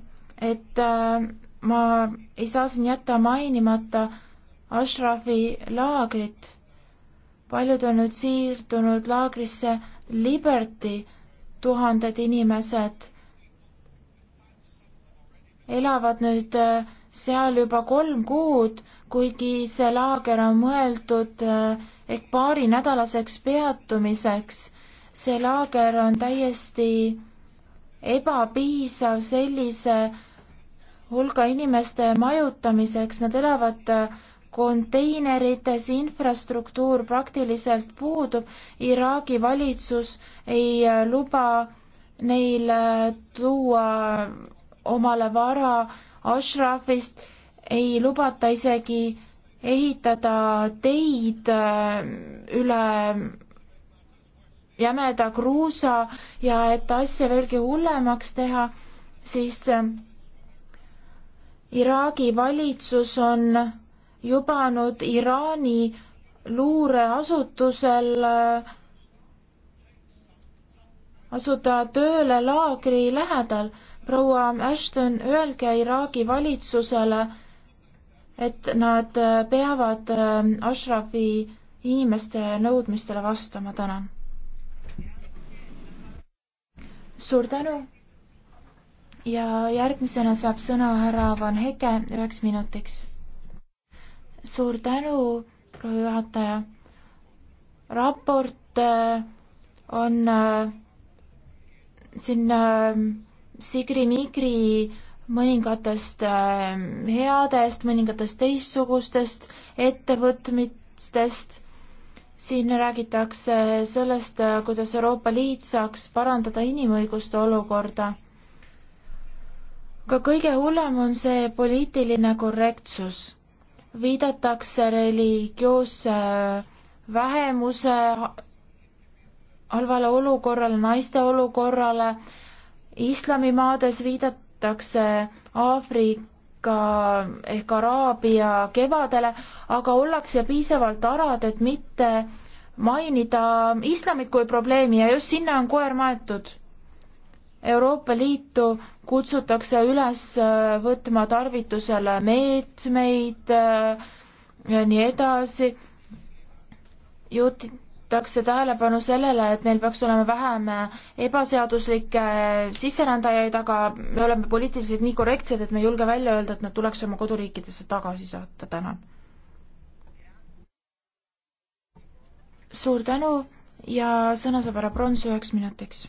et äh, ma ei saa siin jätta mainimata Ashrafi laagrit. paljud on nüüd siirdunud laagrisse Liberty, tuhanded inimesed elavad nüüd äh, seal juba kolm kuud, kuigi see laager on mõeldud äh, ehk paarinädalaseks peatumiseks see laager on täiesti ebapiisav sellise hulga inimeste majutamiseks, nad elavad konteinerites, infrastruktuur praktiliselt puudub, Iraagi valitsus ei luba neil äh, tuua omale vara Ashrafist, ei lubata isegi ehitada teid äh, üle jämeda kruusa ja et asja veelgi hullemaks teha, siis ähm, Iraagi valitsus on jubanud Iraani luureasutusel äh, asuda tööle laagri lähedal. proua Ashton, öelge Iraagi valitsusele, et nad äh, peavad äh, Ashrafi inimeste nõudmistele vastama, tänan suur tänu ja järgmisena saab sõna härra Van Heke üheks minutiks. suur tänu, proua juhataja. raport äh, on äh, siin äh, sigri-migri mõningatest headest, mõningatest teistsugustest ettevõtmistest siin räägitakse sellest, kuidas Euroopa Liit saaks parandada inimõiguste olukorda. aga kõige hullem on see poliitiline korrektsus. viidatakse religioosse vähemuse halvale olukorrale, naiste olukorrale, islamimaades viidatakse Aafrika ka ehk Araabia kevadele, aga ollakse piisavalt arad, et mitte mainida islamit kui probleemi ja just sinna on koer maetud. Euroopa Liitu kutsutakse üles äh, võtma tarvitusele meetmeid äh, ja nii edasi. jutt juhitakse tähelepanu sellele, et meil peaks olema vähem ebaseaduslikke sisserändajaid, aga me oleme poliitiliselt nii korrektsed, et me ei julge välja öelda, et nad tuleks oma koduriikidesse tagasi saata, tänan. suur tänu ja sõna saab härra Prons üheks minutiks.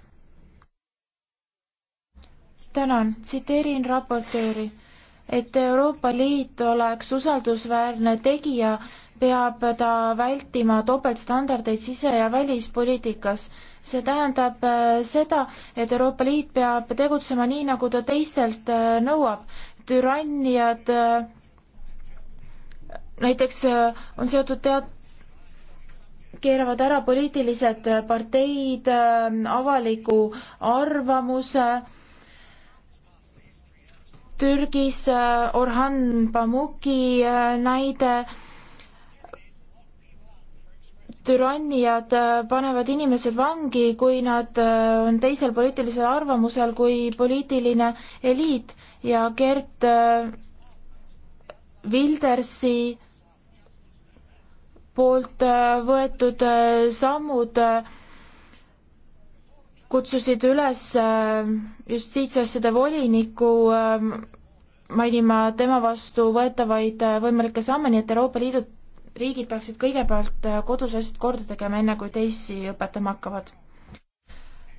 tänan, tsiteerin raportööri, et Euroopa Liit oleks usaldusväärne tegija peab ta vältima topeltstandardeid sise- ja välispoliitikas. see tähendab äh, seda, et Euroopa Liit peab tegutsema nii, nagu ta teistelt äh, nõuab. türanniad äh, näiteks on seotud teat-, keeravad ära poliitilised parteid, avaliku arvamuse. Türgis Orhan Pamuki näide türanniad äh, panevad inimesed vangi, kui nad äh, on teisel poliitilisel arvamusel kui poliitiline eliit ja Gert äh, Wildersi poolt võetud sammud kutsusid üles justiitsasjade voliniku mainima tema vastu võetavaid võimalikke samme, nii et Euroopa Liidu riigid peaksid kõigepealt äh, kodus asjad korda tegema, enne kui teisi õpetama hakkavad.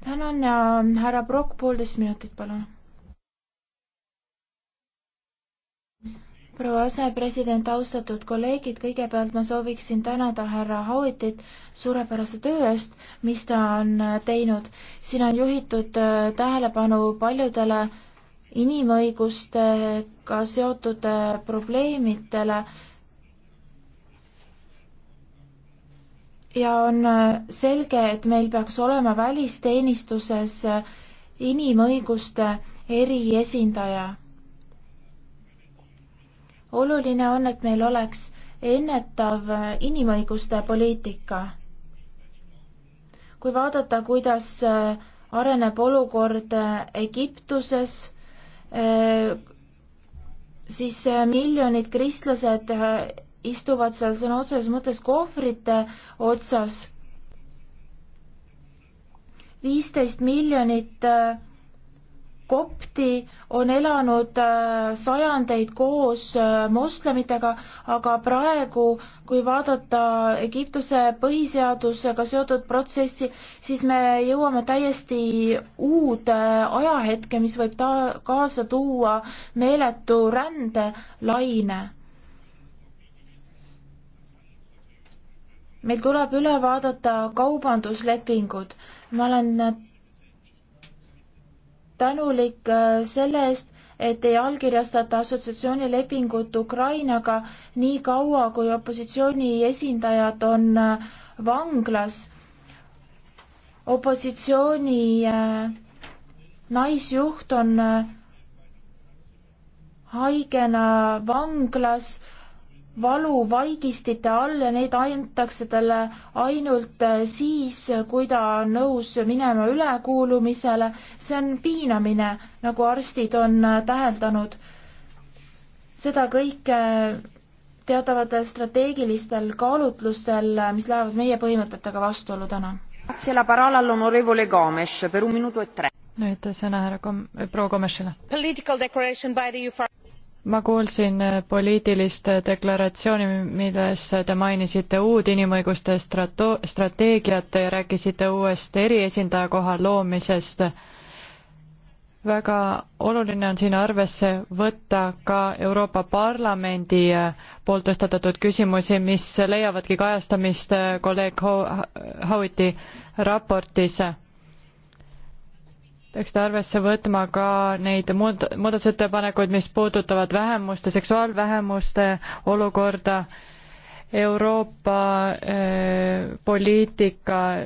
tänan ja ähm, härra Prokk, poolteist minutit, palun. proua asepresident, austatud kolleegid, kõigepealt ma sooviksin tänada härra Howitit suurepärase töö eest, mis ta on äh, teinud. siin on juhitud äh, tähelepanu paljudele inimõigustega seotud probleemidele ja on äh, selge, et meil peaks olema välisteenistuses äh, inimõiguste eriesindaja. oluline on, et meil oleks ennetav äh, inimõiguste poliitika. kui vaadata, kuidas areneb olukord Egiptuses, siis miljonid kristlased istuvad seal sõna otseses mõttes kohvrite otsas. viisteist miljonit äh, kopti on elanud äh, sajandeid koos äh, moslemitega, aga praegu, kui vaadata Egiptuse põhiseadusega seotud protsessi, siis me jõuame täiesti uude ajahetke, mis võib ta-, kaasa tuua meeletu rändelaine meil tuleb üle vaadata kaubanduslepingud. ma olen tänulik äh, selle eest, et ei allkirjastata assotsiatsioonilepingut Ukrainaga nii kaua, kui opositsiooni esindajad on äh, vanglas. opositsiooni äh, naisjuht on haigena vanglas valuvaigistite all ja neid antakse talle ainult äh, siis, kui ta on nõus minema ülekuulumisele. see on piinamine, nagu arstid on äh, täheldanud. seda kõike äh, teatavatel strateegilistel kaalutlustel, mis lähevad meie põhimõtetega vastuollu täna. E nüüd sõna härra Kom-, proua Komešile ma kuulsin äh, poliitilist äh, deklaratsiooni, milles äh, te mainisite uut inimõiguste strato-, strateegiat ja rääkisite uuest eriesindaja koha loomisest. väga oluline on siin arvesse võtta ka Euroopa Parlamendi poolt tõstatatud küsimusi, mis leiavadki kajastamist kolleeg Howiti raportis peaks ta arvesse võtma ka neid muud-, muudatusettepanekuid, mis puudutavad vähemuste, seksuaalvähemuste olukorda, Euroopa äh, poliitika äh,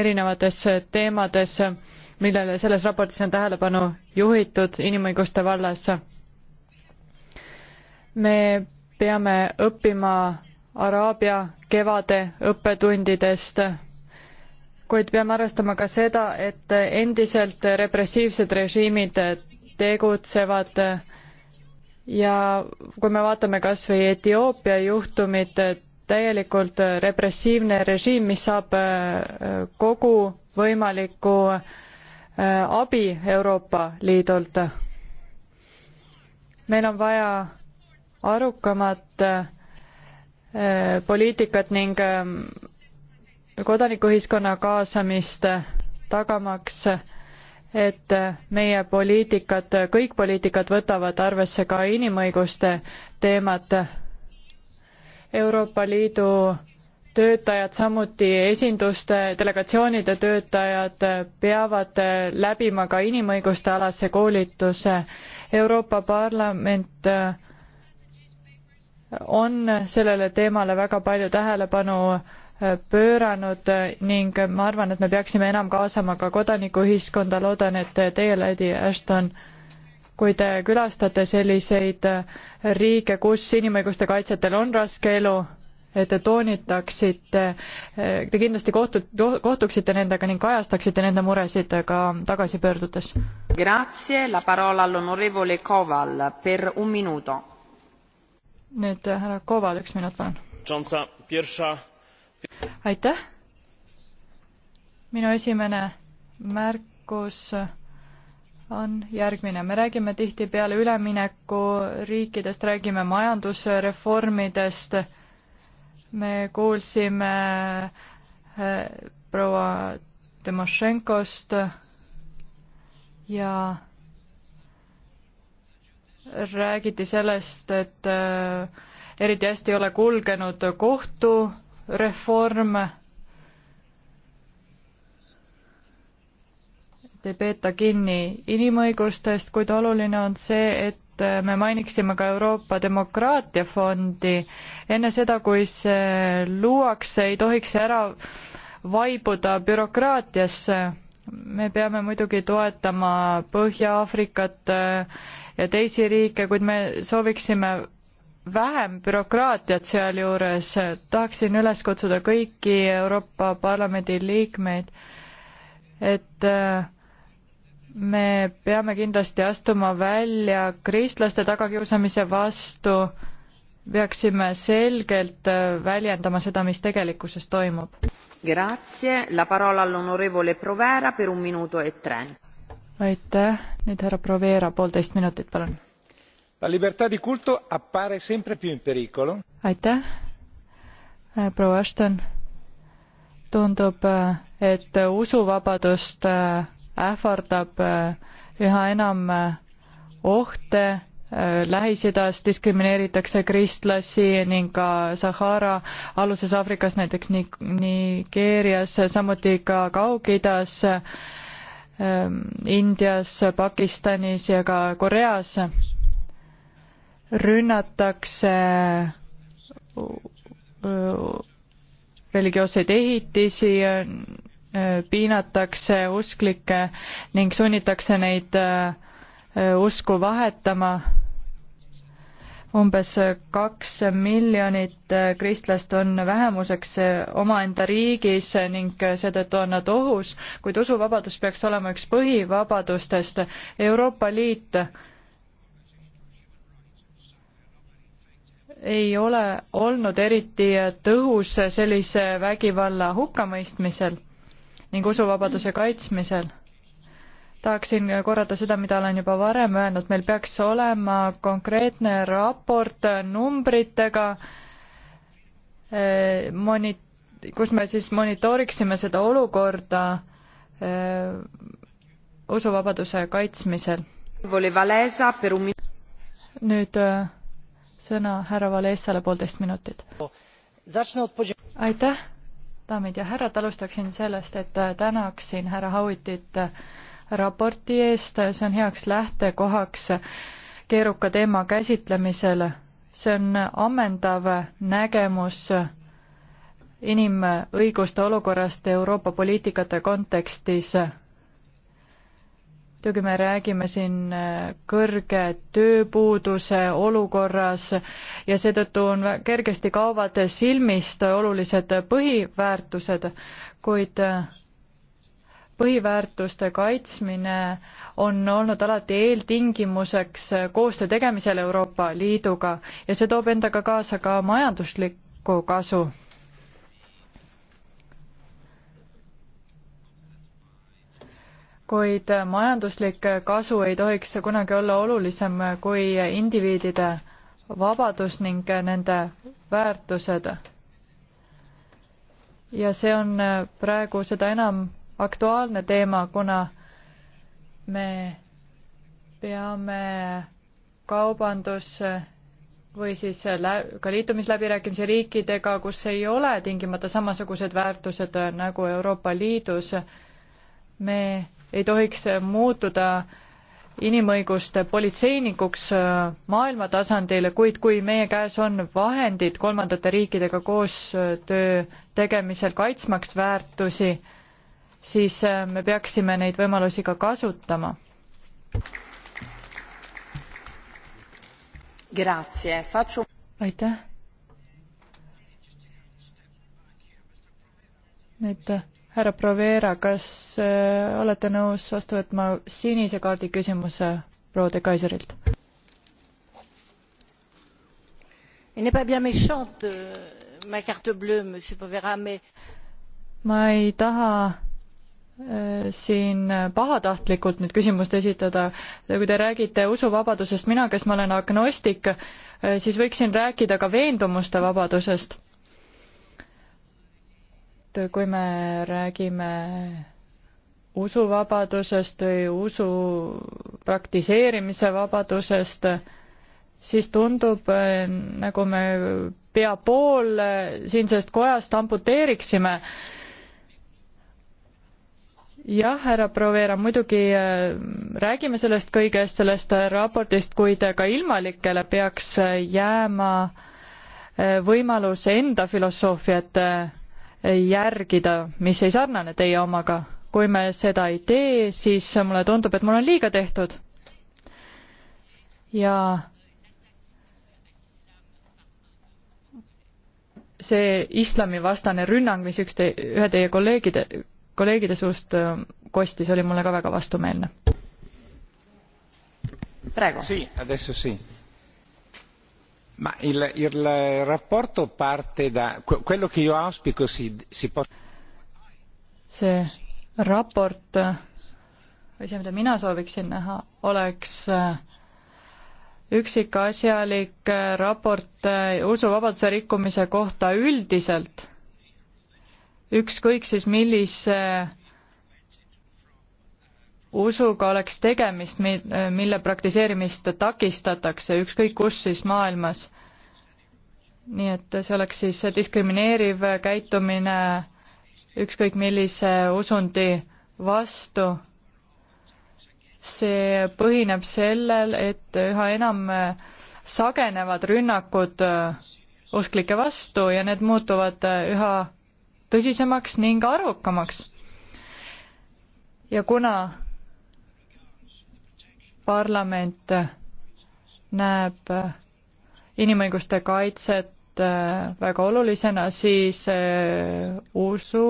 erinevates teemades, millele selles raportis on tähelepanu juhitud inimõiguste vallas. me peame õppima Araabia kevade õppetundidest kuid peame arvestama ka seda, et endiselt repressiivsed režiimid tegutsevad ja kui me vaatame kas või Etioopia juhtumit, täielikult repressiivne režiim, mis saab äh, kogu võimaliku äh, abi Euroopa Liidult. meil on vaja arukamat äh, poliitikat ning ähm, kodanikuühiskonna kaasamist, tagamaks, et meie poliitikad, kõik poliitikad võtavad arvesse ka inimõiguste teemat. Euroopa Liidu töötajad, samuti esinduste, delegatsioonide töötajad peavad läbima ka inimõiguste alase koolituse. Euroopa Parlament on sellele teemale väga palju tähelepanu pööranud ning ma arvan, et me peaksime enam kaasama ka kodanikuühiskonda, loodan, et teie, Lady Ashton, kui te külastate selliseid riike, kus inimõiguste kaitsjatel on raske elu, et te toonitaksite, te kindlasti kohtu-, kohtuksite nendega ning kajastaksite nende muresid ka tagasi pöördudes. Grazie, la parola all onorevole Koval per un minuto. nüüd härra Koval, üks minut palun aitäh! minu esimene märkus on järgmine, me räägime tihtipeale üleminekuriikidest, räägime majandusreformidest, me kuulsime eh, proua Timošenkost ja räägiti sellest, et eh, eriti hästi ei ole kulgenud kohtu reform ei peeta kinni inimõigustest, kuid oluline on see, et me mainiksime ka Euroopa Demokraatia Fondi. enne seda, kui see luuakse, ei tohiks see ära vaibuda bürokraatiasse. me peame muidugi toetama Põhja-Aafrikat ja teisi riike, kuid me sooviksime vähem bürokraatiat sealjuures, tahaksin üles kutsuda kõiki Euroopa Parlamendi liikmeid, et äh, me peame kindlasti astuma välja kristlaste tagakiusamise vastu, peaksime selgelt äh, väljendama seda, mis tegelikkuses toimub. E aitäh, nüüd härra Provera, poolteist minutit, palun La libertà di culto appare sempre più in pericolo. aitäh, eh, proua Ashton. tundub, eh, et usuvabadust eh, ähvardab üha enam ohte Lähis-Idas diskrimineeritakse kristlasi ning ka Sahara aluses Aafrikas, näiteks Nigeerias, samuti ka Kaug-Idas, Indias, Pakistanis ja ka Koreas rünnatakse religioosseid ehitisi, piinatakse usklikke ning sunnitakse neid usku vahetama. umbes kaks miljonit kristlast on vähemuseks omaenda riigis ning seetõttu on nad ohus, kuid usuvabadus peaks olema üks põhivabadustest. Euroopa Liit ei ole olnud eriti tõhus sellise vägivalla hukkamõistmisel ning usuvabaduse kaitsmisel. tahaksin korrata seda, mida olen juba varem öelnud, meil peaks olema konkreetne raport numbritega, eh, moni-, kus me siis monitooriksime seda olukorda öö, eh, usuvabaduse kaitsmisel. nüüd öö, eh, sõna härra Valesale poolteist minutit. aitäh, daamid ja härrad, alustaksin sellest, et äh, tänaksin härra Howitit äh, raporti eest, see on heaks lähtekohaks keeruka teema käsitlemisel. see on ammendav nägemus inimõiguste olukorrast Euroopa poliitikate kontekstis muidugi me räägime siin äh, kõrge tööpuuduse olukorras ja seetõttu on kergesti kaovad silmist olulised põhiväärtused, kuid äh, põhiväärtuste kaitsmine on olnud alati eeltingimuseks koostöö tegemisel Euroopa Liiduga ja see toob endaga kaasa ka majanduslikku kasu kuid majanduslik kasu ei tohiks kunagi olla olulisem kui indiviidide vabadus ning nende väärtused. ja see on praegu seda enam aktuaalne teema, kuna me peame kaubandus või siis ka liitumisläbirääkimisi riikidega, kus ei ole tingimata samasugused väärtused nagu Euroopa Liidus. me ei tohiks muutuda inimõiguste politseinikuks äh, maailma tasandil, kuid kui meie käes on vahendid kolmandate riikidega koostöö äh, tegemisel kaitsmaks väärtusi, siis äh, me peaksime neid võimalusi ka kasutama. aitäh. nüüd härra Provera, kas äh, olete nõus vastu võtma sinise kaardi küsimuse proua de Kaiserilt? Euh, ma ei taha äh, siin pahatahtlikult nüüd küsimust esitada, kui te räägite usuvabadusest, mina, kes ma olen agnostik, äh, siis võiksin rääkida ka veendumuste vabadusest et kui me räägime usuvabadusest või usu praktiseerimise vabadusest, siis tundub, eh, nagu me pea pool eh, siinsest kojast amputeeriksime. jah, härra Provera, muidugi eh, räägime sellest kõigest, sellest raportist, kuid ka ilmalikele peaks jääma võimalus enda filosoofiat järgida, mis ei sarnane teie omaga. kui me seda ei tee, siis mulle tundub, et mul on liiga tehtud. ja see islamivastane rünnang, mis üks te-, ühe teie kolleegide, kolleegide suust äh, kostis, oli mulle ka väga vastumeelne. praegu. Ma il, il rapporto parte da quello che io auspico si, si possa. see raport või see, mida mina sooviksin näha, oleks äh, üksikasjalik äh, raport äh, usuvabaduse rikkumise kohta üldiselt, ükskõik siis millise usuga oleks tegemist, mille praktiseerimist takistatakse ükskõik kus siis maailmas. nii et see oleks siis diskrimineeriv käitumine ükskõik millise usundi vastu. see põhineb sellel, et üha enam sagenevad rünnakud usklike vastu ja need muutuvad üha tõsisemaks ning arvukamaks. ja kuna parlament näeb inimõiguste kaitset äh, väga olulisena, siis äh, usu,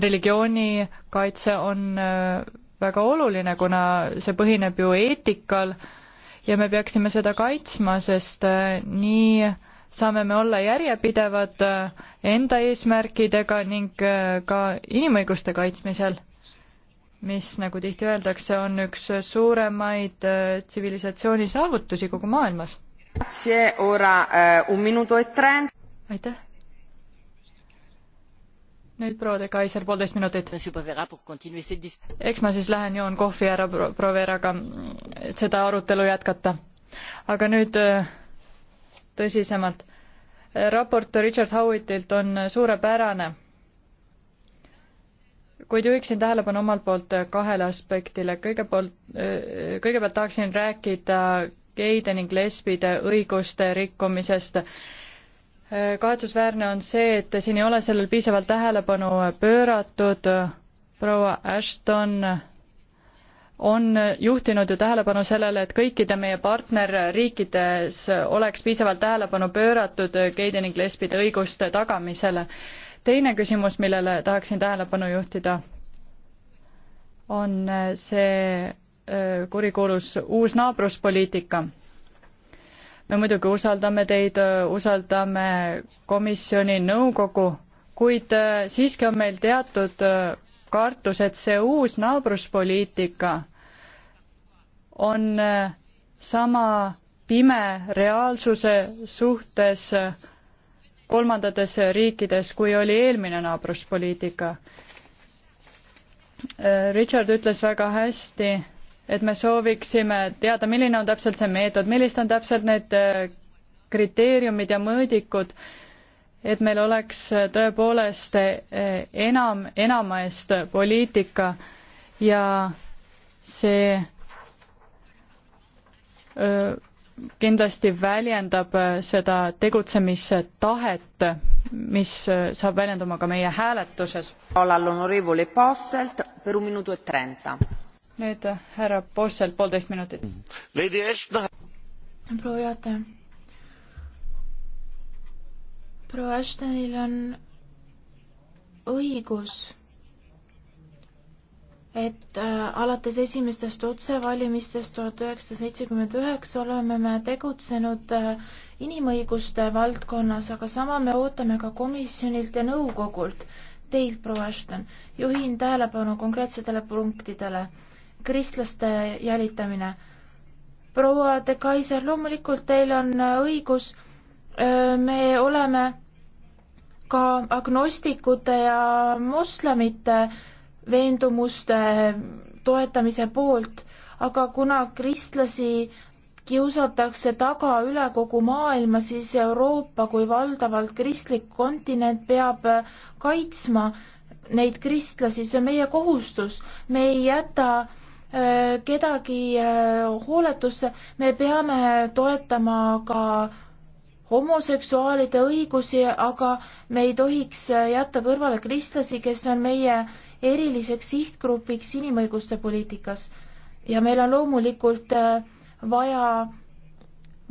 religiooni kaitse on äh, väga oluline, kuna see põhineb ju eetikal ja me peaksime seda kaitsma, sest nii saame me olla järjepidevad enda eesmärkidega ning ka inimõiguste kaitsmisel mis, nagu tihti öeldakse, on üks suuremaid äh, tsivilisatsiooni saavutusi kogu maailmas. Äh, e aitäh. nüüd proua de Kaiser, poolteist minutit. eks ma siis lähen joon kohvi ära proua Veeraga, et seda arutelu jätkata. aga nüüd äh, tõsisemalt. raportöör Richard Howitilt on suurepärane kuid juhiksin tähelepanu omalt poolt kahele aspektile. kõigepealt, äh, kõigepealt tahaksin rääkida geide ning lesbide õiguste rikkumisest. Äh, kahetsusväärne on see, et siin ei ole sellel piisavalt tähelepanu pööratud. proua Ashton on juhtinud ju tähelepanu sellele, et kõikide meie partnerriikides oleks piisavalt tähelepanu pööratud geide ning lesbide õiguste tagamisele teine küsimus, millele tahaksin tähelepanu juhtida, on see äh, kurikuulus uus naabruspoliitika. me muidugi usaldame teid, äh, usaldame komisjoni, nõukogu, kuid äh, siiski on meil teatud kartus, et see uus naabruspoliitika on sama pime reaalsuse suhtes äh, kolmandates riikides, kui oli eelmine naabruspoliitika. Richard ütles väga hästi, et me sooviksime teada, milline on täpselt see meetod, millised on täpselt need äh, kriteeriumid ja mõõdikud, et meil oleks tõepoolest äh, enam, enama eest poliitika ja see öö, äh, kindlasti väljendab äh, seda tegutsemistahet, mis äh, saab väljenduma ka meie hääletuses. E nüüd äh, härra Posselt poolteist minutit. proua juhataja. proua Ashtonil on õigus et äh, alates esimestest otsevalimistest tuhat üheksasada seitsekümmend üheksa oleme me tegutsenud äh, inimõiguste valdkonnas, aga sama me ootame ka komisjonilt ja nõukogult, teilt, proua Ashton. juhin tähelepanu konkreetsetele punktidele. kristlaste jälitamine. proua de Kaiser, loomulikult teil on äh, õigus, me oleme ka agnostikute ja moslemite veendumuste toetamise poolt, aga kuna kristlasi kiusatakse taga üle kogu maailma, siis Euroopa kui valdavalt kristlik kontinent peab kaitsma neid kristlasi, see on meie kohustus, me ei jäta äh, kedagi äh, hooletusse, me peame toetama ka homoseksuaalide õigusi, aga me ei tohiks äh, jätta kõrvale kristlasi, kes on meie eriliseks sihtgrupiks inimõiguste poliitikas ja meil on loomulikult äh, vaja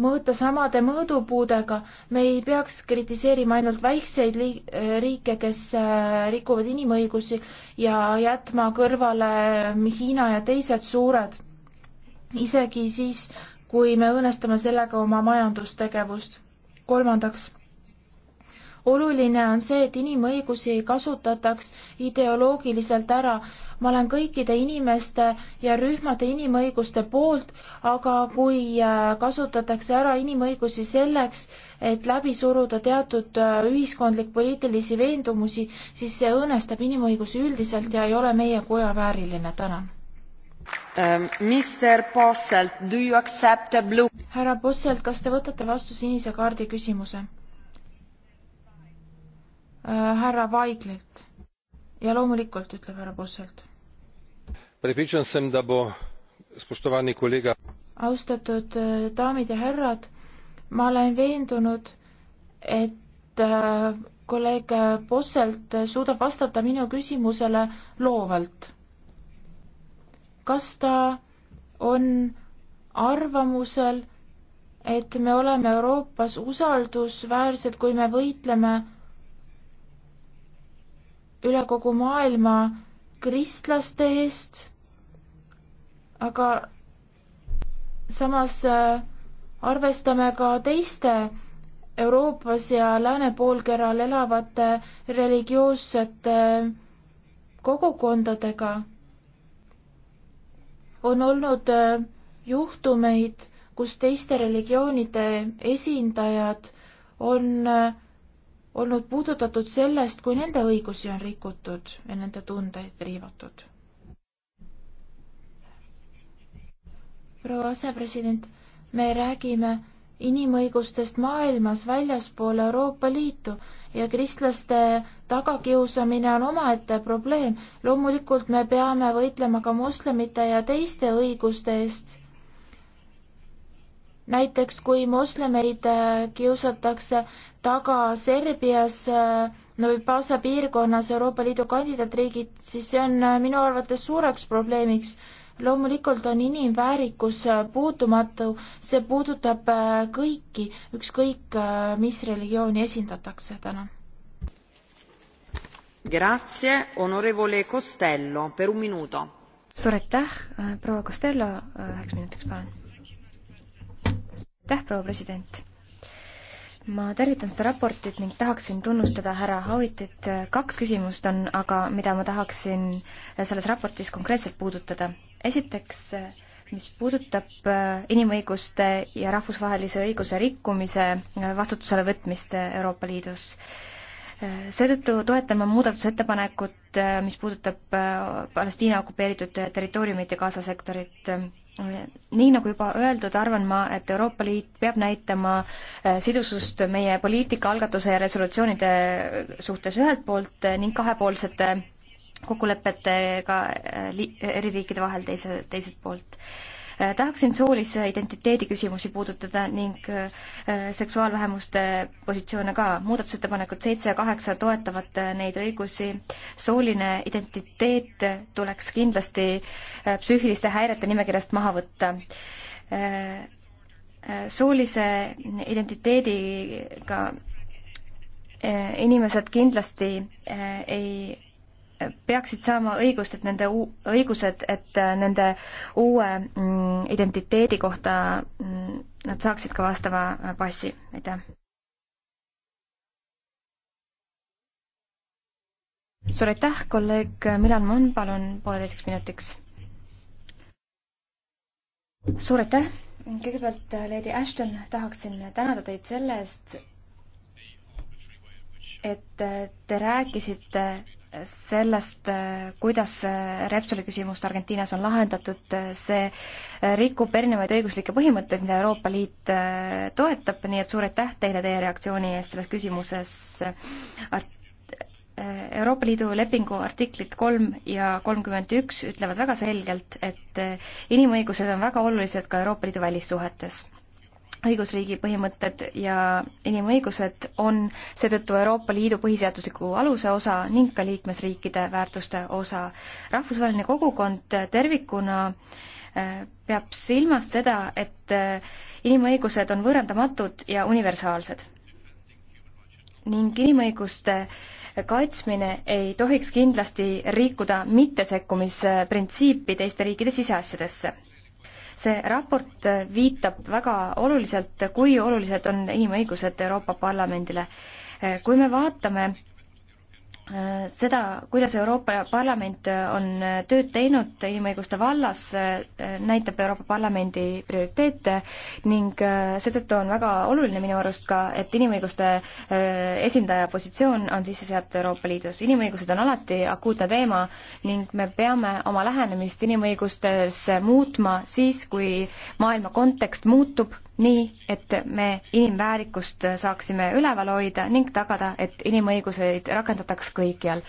mõõta samade mõõdupuudega, me ei peaks kritiseerima ainult väikseid äh, riike, kes äh, rikuvad inimõigusi ja jätma kõrvale Hiina ja teised suured, isegi siis, kui me õõnestame sellega oma majandustegevust. kolmandaks oluline on see, et inimõigusi ei kasutataks ideoloogiliselt ära. ma olen kõikide inimeste ja rühmade inimõiguste poolt, aga kui äh, kasutatakse ära inimõigusi selleks, et läbi suruda teatud äh, ühiskondlik-poliitilisi veendumusi, siis see õõnestab inimõigusi üldiselt ja ei ole meie koja vääriline. tänan ähm, härra posselt kas te võtate vastu sinise kaardi küsimuse? Äh, härra Vaiglilt. ja loomulikult, ütleb härra Busselt. Prepričan sem, da bo spoštovani kolega. austatud äh, daamid ja härrad, ma olen veendunud, et äh, kolleeg Posselt suudab vastata minu küsimusele loovalt. kas ta on arvamusel, et me oleme Euroopas usaldusväärsed, kui me võitleme üle kogu maailma kristlaste eest, aga samas äh, arvestame ka teiste Euroopas ja lääne poolkeral elavate religioossete kogukondadega. on olnud äh, juhtumeid, kus teiste religioonide esindajad on äh, olnud puudutatud sellest, kui nende õigusi on rikutud ja nende tundeid riivatud. proua asepresident, me räägime inimõigustest maailmas väljaspool Euroopa Liitu ja kristlaste tagakiusamine on omaette probleem. loomulikult me peame võitlema ka moslemite ja teiste õiguste eest. näiteks kui moslemeid äh, kiusatakse taga Serbias äh, Novi Pasa piirkonnas Euroopa Liidu kandidaatriigid, siis see on äh, minu arvates suureks probleemiks. loomulikult on inimväärikus äh, puutumatu, see puudutab kõiki, ükskõik mis religiooni esindatakse täna. Grazie, onorevole Costello, per un minuto. suur aitäh, proua Costello, üheks minutiks palun. aitäh, proua president ma tervitan seda raportit ning tahaksin tunnustada härra Howitit. kaks küsimust on aga, mida ma tahaksin selles raportis konkreetselt puudutada. esiteks, mis puudutab äh, inimõiguste ja rahvusvahelise õiguse rikkumise äh, vastutusele võtmist äh, Euroopa Liidus. seetõttu toetan ma muudatusettepanekut, mis puudutab Palestiina okupeeritud territooriumit ja Gaza sektorit nii nagu juba öeldud, arvan ma, et Euroopa Liit peab näitama äh, sidusust meie poliitikaalgatuse ja resolutsioonide suhtes ühelt poolt äh, ning kahepoolsete kokkulepetega äh, eri riikide vahel teise, teiselt poolt tahaksin soolise identiteedi küsimusi puudutada ning äh, seksuaalvähemuste positsioone ka. muudatusettepanekud seitse ja kaheksa toetavad äh, neid õigusi. sooline identiteet tuleks kindlasti äh, psüühiliste häirete nimekirjast maha võtta soolise identiteediga inimesed kindlasti ei peaksid saama õigust, et nende õigused, et äh, nende uue mm, identiteedi kohta mm, nad saaksid ka vastava äh, passi, aitäh. suur aitäh, kolleeg Milan Mann, palun pooleteiseks minutiks. suur aitäh, kõigepealt äh, Lady Ashton, tahaksin tänada teid selle eest, et te rääkisite sellest, kuidas Repsoli küsimust Argentiinas on lahendatud, see rikub erinevaid õiguslikke põhimõtteid, mida Euroopa Liit äh, toetab, nii et suur aitäh teile teie reaktsiooni eest selles küsimuses. Euroopa Liidu lepingu artiklid kolm ja kolmkümmend üks ütlevad väga selgelt, et inimõigused on väga olulised ka Euroopa Liidu välissuhetes õigusriigi põhimõtted ja inimõigused on seetõttu Euroopa Liidu põhiseadusliku aluse osa ning ka liikmesriikide väärtuste osa. rahvusvaheline kogukond tervikuna äh, peab silmas seda, et äh, inimõigused on võõrandamatud ja universaalsed. ning inimõiguste kaitsmine ei tohiks kindlasti rikkuda mittesekkumisprintsiipi teiste riikide siseasjadesse see raport viitab väga oluliselt, kui olulised on inimõigused Euroopa Parlamendile. kui me vaatame seda, kuidas Euroopa Parlament on tööd teinud inimõiguste vallas, näitab Euroopa Parlamendi prioriteete ning äh, seetõttu on väga oluline minu arust ka, et inimõiguste äh, esindaja positsioon on sisse seatud Euroopa Liidus. inimõigused on alati akuutne teema ning me peame oma lähenemist inimõigustes muutma siis, kui maailma kontekst muutub nii et me inimväärikust saaksime üleval hoida ning tagada, et inimõiguseid rakendataks kõikjal.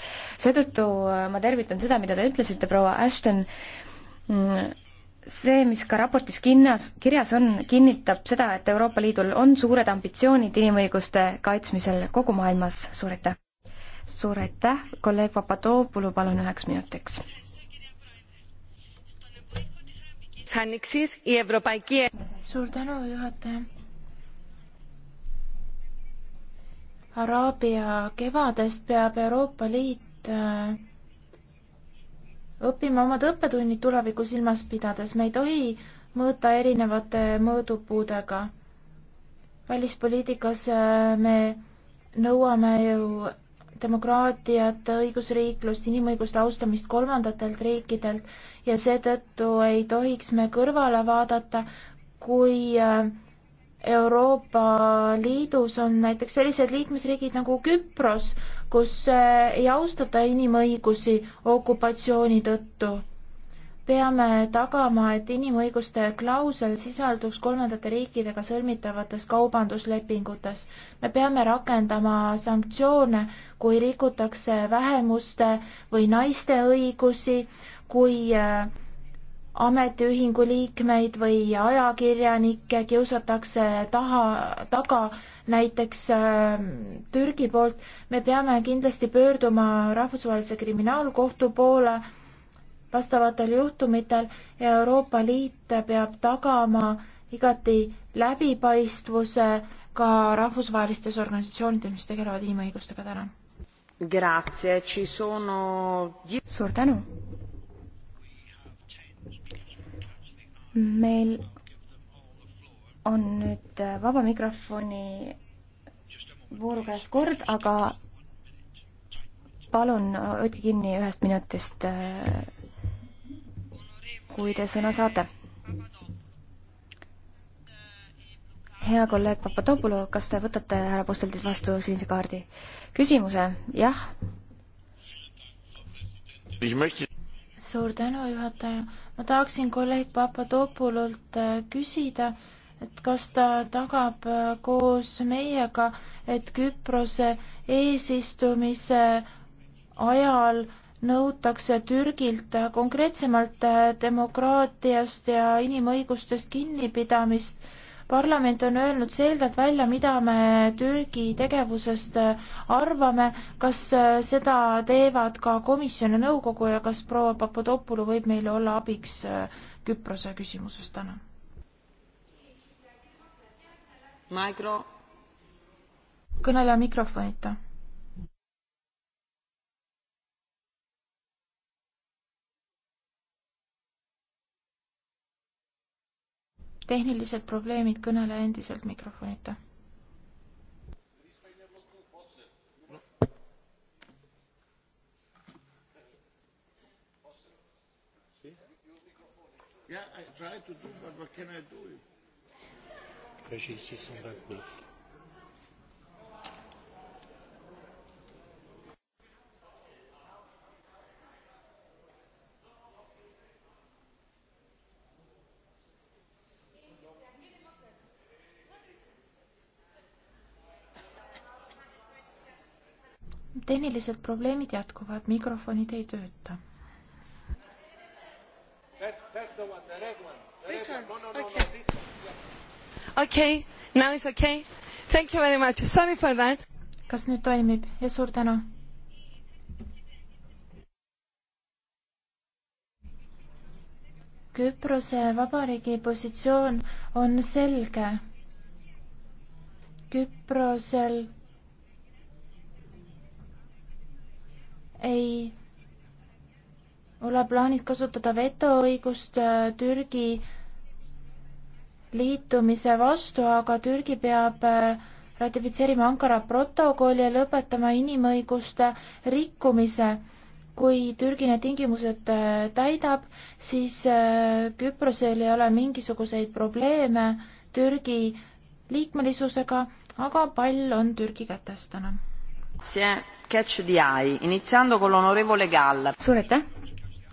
seetõttu äh, ma tervitan seda, mida te ütlesite, proua Ashton, mm, see, mis ka raportis kinnas, kirjas on, kinnitab seda, et Euroopa Liidul on suured ambitsioonid inimõiguste kaitsmisel kogu maailmas. suur aitäh! suur aitäh, kolleeg Papadopoulou, palun üheks minutiks της Άνοιξης η Ευρωπαϊκή Suur tänu, juhataja. Araabia kevadest peab Euroopa Liit äh, õppima omad õppetunnid tuleviku silmas pidades. me ei tohi mõõta erinevate mõõdupuudega. välispoliitikas äh, me nõuame ju demokraatiat, õigusriiklust, inimõiguste austamist kolmandatelt riikidelt ja seetõttu ei tohiks me kõrvale vaadata, kui äh, Euroopa Liidus on näiteks sellised liikmesriigid nagu Küpros, kus äh, ei austata inimõigusi okupatsiooni tõttu peame tagama, et inimõiguste klausel sisalduks kolmandate riikidega sõlmitavates kaubanduslepingutes. me peame rakendama sanktsioone, kui rikutakse vähemuste või naiste õigusi, kui äh, ametiühingu liikmeid või ajakirjanikke kiusatakse taha, taga näiteks äh, Türgi poolt, me peame kindlasti pöörduma Rahvusvahelise Kriminaalkohtu poole vastavatel juhtumitel ja Euroopa Liit peab tagama igati läbipaistvuse ka rahvusvahelistes organisatsioonides, mis tegelevad inimõigustega täna. Sono... suur tänu. meil on nüüd vaba mikrofoni vooru käes kord, aga palun hoidke kinni ühest minutist äh, kui te sõna saate. hea kolleeg Papadopoulou, kas te võtate härra Posteltis vastu sinise kaardi küsimuse? jah. suur tänu, juhataja. ma tahaksin kolleeg Papadopoulult äh, küsida, et kas ta tagab äh, koos meiega, et Küprose eesistumise ajal äh, nõutakse Türgilt konkreetsemalt äh, demokraatiast ja inimõigustest kinnipidamist. parlament on öelnud selgelt välja, mida me Türgi tegevusest äh, arvame. kas äh, seda teevad ka komisjon ja nõukogu ja kas proua Papadopoulou võib meile olla abiks Küprose küsimuses täna? kõneleja mikrofonita tehnilised probleemid, kõneleja endiselt mikrofonita. Yeah, I tried to do, but what can I do? Régis 629. tehnilised probleemid jätkuvad, mikrofonid ei tööta. okei, now is okei okay.. Thank you very much, sorry for that. kas nüüd toimib ja suur tänu. Küprose vabariigi positsioon on selge. Küprosel ei ole plaanis kasutada vetoõigust äh, Türgi liitumise vastu, aga Türgi peab äh, ratifitseerima Ankara protokolli ja lõpetama inimõiguste rikkumise. kui Türgi need tingimused äh, täidab, siis Küprosel ei ole mingisuguseid probleeme Türgi liikmelisusega, aga pall on Türgi kätes täna suur aitäh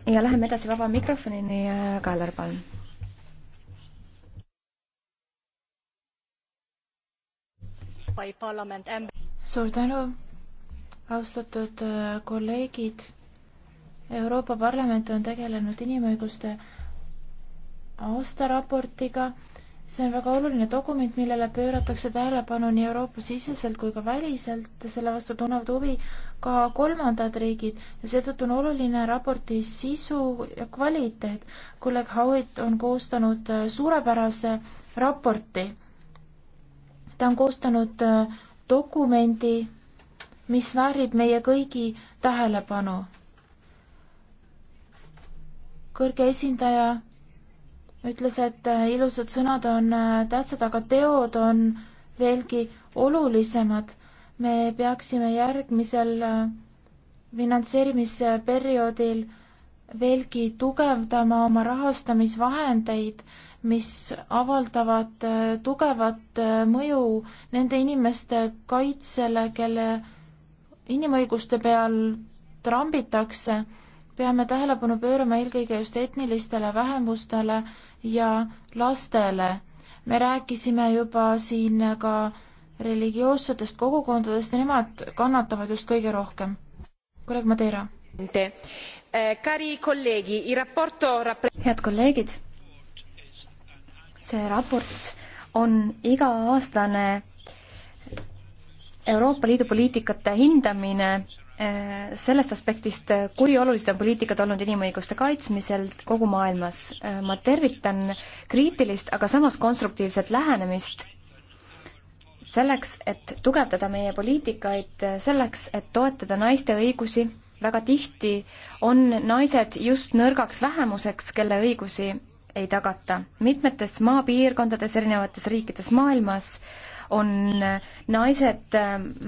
ja läheme edasi vaba mikrofonini, äh, Kallar, palun. suur tänu, austatud äh, kolleegid. Euroopa Parlament on tegelenud inimõiguste aastaraportiga see on väga oluline dokument, millele pööratakse tähelepanu nii Euroopa-siseselt kui ka väliselt, selle vastu tunnevad huvi ka kolmandad riigid ja seetõttu on oluline raporti sisu ja kvaliteet. kolleeg Howitt on koostanud äh, suurepärase raporti. ta on koostanud äh, dokumendi, mis väärib meie kõigi tähelepanu. kõrge esindaja ütles, et äh, ilusad sõnad on äh, tähtsad, aga teod on veelgi olulisemad. me peaksime järgmisel äh, finantseerimisperioodil veelgi tugevdama oma rahastamisvahendeid, mis avaldavad tugevat mõju nende inimeste kaitsele, kelle inimõiguste peal trambitakse peame tähelepanu pöörama eelkõige just etnilistele vähemustele ja lastele. me rääkisime juba siin ka religioossetest kogukondadest ja nemad kannatavad just kõige rohkem. kolleeg Madeira. Eh, head kolleegid, see raport on iga-aastane Euroopa Liidu poliitikate hindamine Äh, sellest aspektist, äh, kui olulised on poliitikad olnud inimõiguste kaitsmisel kogu maailmas. Äh, ma tervitan kriitilist, aga samas konstruktiivset lähenemist selleks, et tugevdada meie poliitikaid, selleks, et toetada naiste õigusi, väga tihti on naised just nõrgaks vähemuseks, kelle õigusi ei tagata. mitmetes maapiirkondades, erinevates riikides maailmas äh, on naised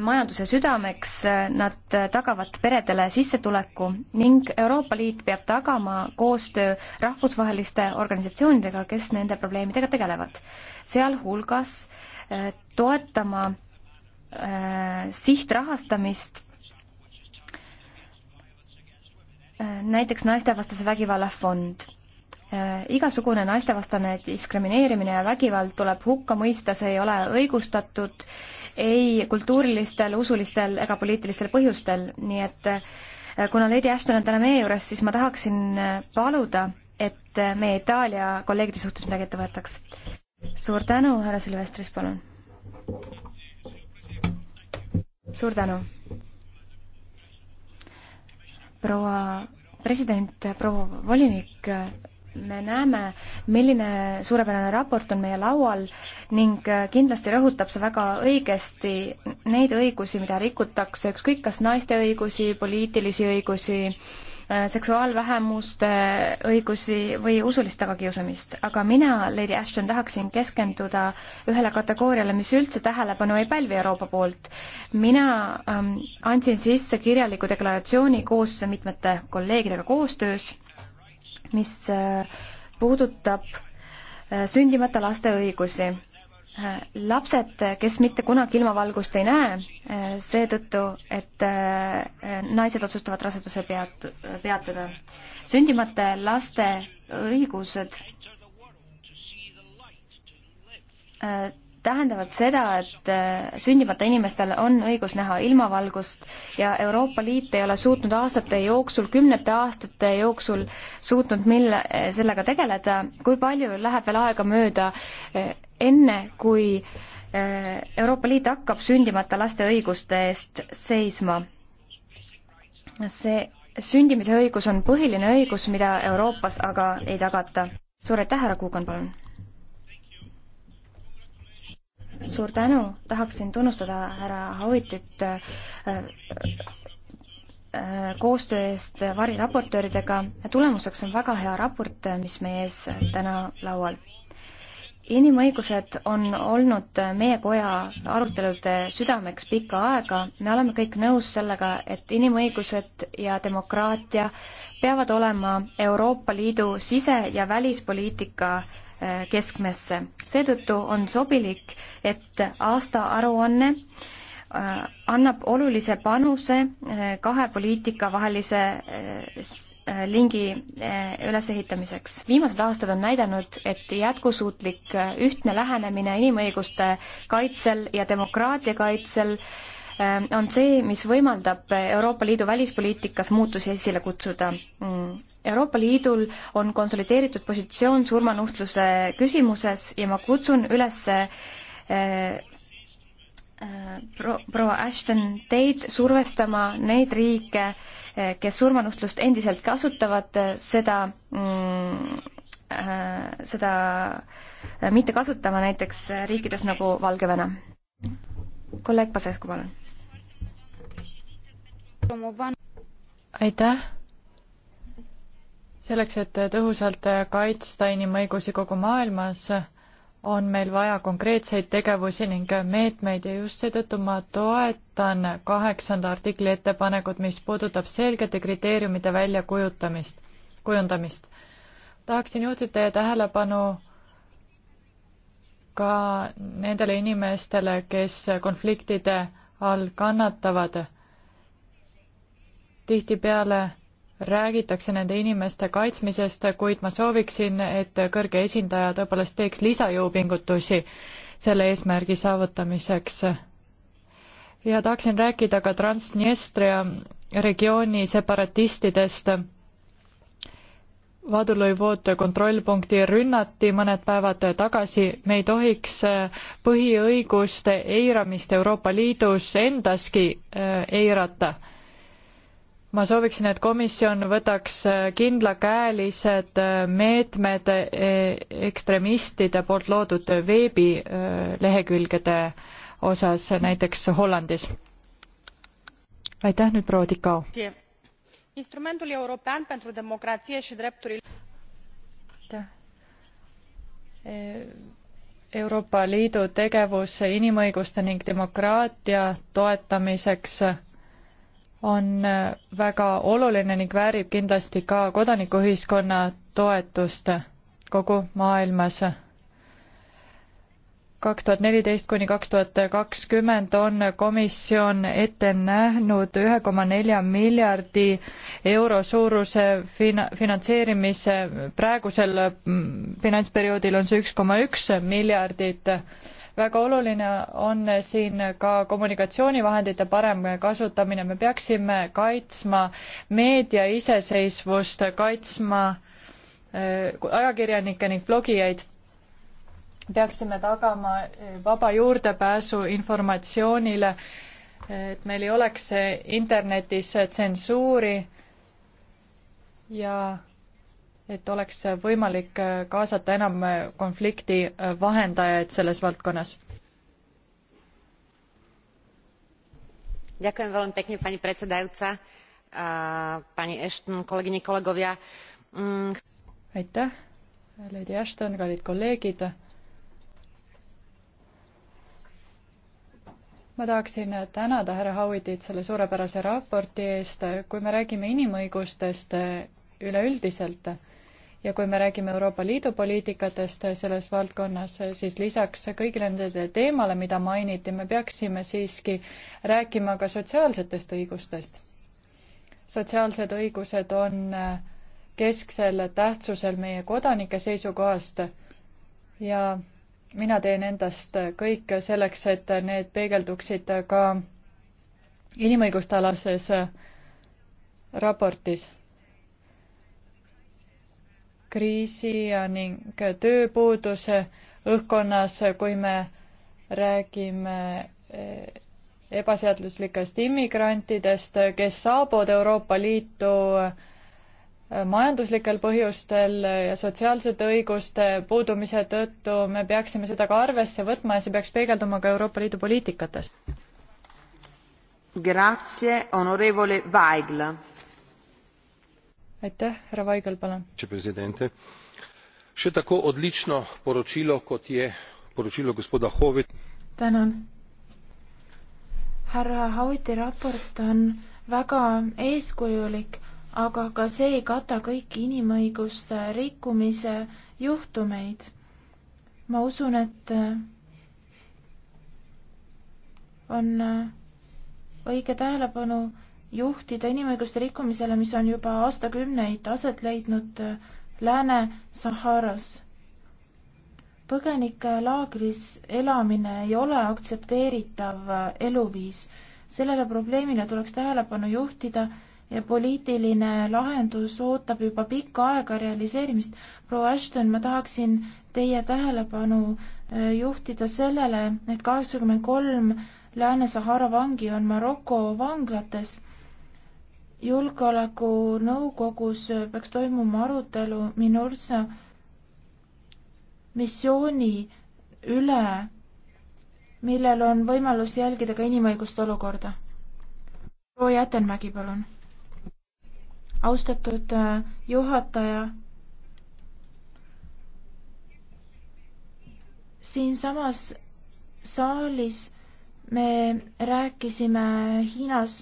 majanduse südameks, nad tagavad peredele sissetuleku ning Euroopa Liit peab tagama koostöö rahvusvaheliste organisatsioonidega, kes nende probleemidega tegelevad. sealhulgas äh, toetama äh, sihtrahastamist äh, näiteks naistevastase vägivalla fond Äh, igasugune naistevastane diskrimineerimine ja vägivald tuleb hukka mõista, see ei ole õigustatud ei kultuurilistel, usulistel ega poliitilistel põhjustel, nii et äh, kuna Lady Ashton on täna meie juures, siis ma tahaksin äh, paluda, et meie Itaalia kolleegide suhtes midagi ette võetaks. suur tänu, härra Silvestris, palun. suur tänu. proua president, proua volinik, me näeme, milline suurepärane raport on meie laual ning äh, kindlasti rõhutab see väga õigesti neid õigusi, mida rikutakse, ükskõik kas naiste õigusi, poliitilisi õigusi, äh, seksuaalvähemuste õigusi või usulist tagakiusamist. aga mina, Lady Ashton, tahaksin keskenduda ühele kategooriale, mis üldse tähelepanu ei pälvi Euroopa poolt. mina ähm, andsin sisse kirjaliku deklaratsiooni koos mitmete kolleegidega koostöös mis äh, puudutab äh, sündimata laste õigusi. Äh, lapsed, kes mitte kunagi ilmavalgust ei näe, seetõttu, et naised otsustavad raseduse peat-, peatada. sündimata laste õigused tähendavad seda, et äh, sündimata inimestel on õigus näha ilmavalgust ja Euroopa Liit ei ole suutnud aastate jooksul, kümnete aastate jooksul suutnud mille, äh, sellega tegeleda, kui palju läheb veel aega mööda äh, enne, kui Euroopa Liit hakkab sündimata laste õiguste eest seisma. see sündimise õigus on põhiline õigus, mida Euroopas aga ei tagata. suur aitäh, härra Kuukan, palun! suur tänu, tahaksin tunnustada härra Hauitit äh, äh, koostöö eest variraportööridega. tulemuseks on väga hea raport, äh, mis meie ees täna laual. inimõigused on olnud meie koja arutelude südameks pikka aega. me oleme kõik nõus sellega, et inimõigused ja demokraatia peavad olema Euroopa Liidu sise- ja välispoliitika äh, keskmesse. seetõttu on sobilik, et aastaaruanne äh, annab olulise panuse äh, kahe poliitika vahelise äh, lingi ülesehitamiseks. viimased aastad on näidanud, et jätkusuutlik ühtne lähenemine inimõiguste kaitsel ja demokraatia kaitsel äh, Äh, on see, mis võimaldab Euroopa Liidu välispoliitikas muutusi esile kutsuda. Mm. Euroopa Liidul on konsolideeritud positsioon surmanuhtluse küsimuses ja ma kutsun üles äh, äh, proua Ashton teid survestama neid riike, kes surmanuhtlust endiselt kasutavad, seda, mm, seda mitte kasutama näiteks riikides nagu Valgevene. kolleeg Pasescu, palun aitäh! selleks, et tõhusalt kaitsta inimõigusi kogu maailmas, on meil vaja konkreetseid tegevusi ning meetmeid ja just seetõttu ma toetan kaheksanda artikli ettepanekut, mis puudutab selgete kriteeriumide väljakujutamist, kujundamist. tahaksin juhtida teie tähelepanu ka nendele inimestele, kes konfliktide all kannatavad tihtipeale räägitakse nende inimeste kaitsmisest, kuid ma sooviksin, et kõrge esindaja tõepoolest teeks lisajõupingutusi selle eesmärgi saavutamiseks. ja tahaksin rääkida ka Transnistria regiooni separatistidest. Vaduloivod kontrollpunkti rünnati mõned päevad tagasi, me ei tohiks põhiõiguste eiramist Euroopa Liidus endaski äh, eirata ma sooviksin, et komisjon võtaks äh, kindlakäelised äh, meetmed äh, ekstremistide poolt loodud veebilehekülgede osas näiteks Hollandis. aitäh, nüüd proua Tikao. instrumentul Euroopan pentru demokratie și drepturile aitäh. E, Euroopa Liidu tegevus inimõiguste ning demokraatia toetamiseks on äh, väga oluline ning väärib kindlasti ka kodanikuühiskonna toetust kogu maailmas. kaks tuhat neliteist kuni kaks tuhat kakskümmend on komisjon ette näinud ühe koma nelja miljardi euro suuruse fina-, finantseerimise, praegusel mm, finantsperioodil on see üks koma üks miljardit väga oluline on siin ka kommunikatsioonivahendite parem kasutamine, me peaksime kaitsma meedia iseseisvust, kaitsma äh, ajakirjanikke ning blogijaid peaksime tagama äh, vaba juurdepääsu informatsioonile, et meil ei oleks internetis tsensuuri ja et oleks võimalik äh, kaasata enam äh, konflikti äh, vahendajaid selles valdkonnas. ďakujem veľmi pekne pani predsedajúca pani ashton kolegyne kolegovia mm. aitäh lady ashton kallid kolleegid ma tahaksin tänada härra Howitit selle suurepärase raporti eest kui me räägime inimõigustest üleüldiselt ja kui me räägime Euroopa Liidu poliitikatest selles valdkonnas, siis lisaks kõigile nendele teemale, mida mainiti, me peaksime siiski rääkima ka sotsiaalsetest õigustest. sotsiaalsed õigused on kesksel tähtsusel meie kodanike seisukohast ja mina teen endast kõik selleks, et need peegelduksid ka inimõiguste alases raportis kriisi ja ning tööpuuduse õhkkonnas, kui me räägime eh, ebaseaduslikest immigrantidest, kes saabuvad Euroopa Liitu eh, majanduslikel põhjustel ja sotsiaalsete õiguste puudumise tõttu, me peaksime seda ka arvesse võtma ja see peaks peegelduma ka Euroopa Liidu poliitikates. Grazie, onorevole Vaigla aitäh, härra Vaigel, palun. še tako odlično poročilo, kot je poročilo gospoda Hovit. tänan. härra Hoviti raport on väga eeskujulik, aga ka see ei kata kõiki inimõiguste rikkumise juhtumeid. ma usun, et on õige tähelepanu juhtida inimõiguste rikkumisele, mis on juba aastakümneid aset leidnud äh, Lääne-Saharas. põgenikelaagris elamine ei ole aktsepteeritav äh, eluviis. sellele probleemile tuleks tähelepanu juhtida ja poliitiline lahendus ootab juba pikka aega realiseerimist. proua Ashton, ma tahaksin teie tähelepanu äh, juhtida sellele, et kaheksakümmend kolm Lääne-Sahara vangi on Maroko vanglates julgeolekunõukogus peaks toimuma arutelu Minursa missiooni üle, millel on võimalus jälgida ka inimõiguste olukorda. proua Jätenmägi, palun. austatud äh, juhataja siinsamas saalis me rääkisime Hiinas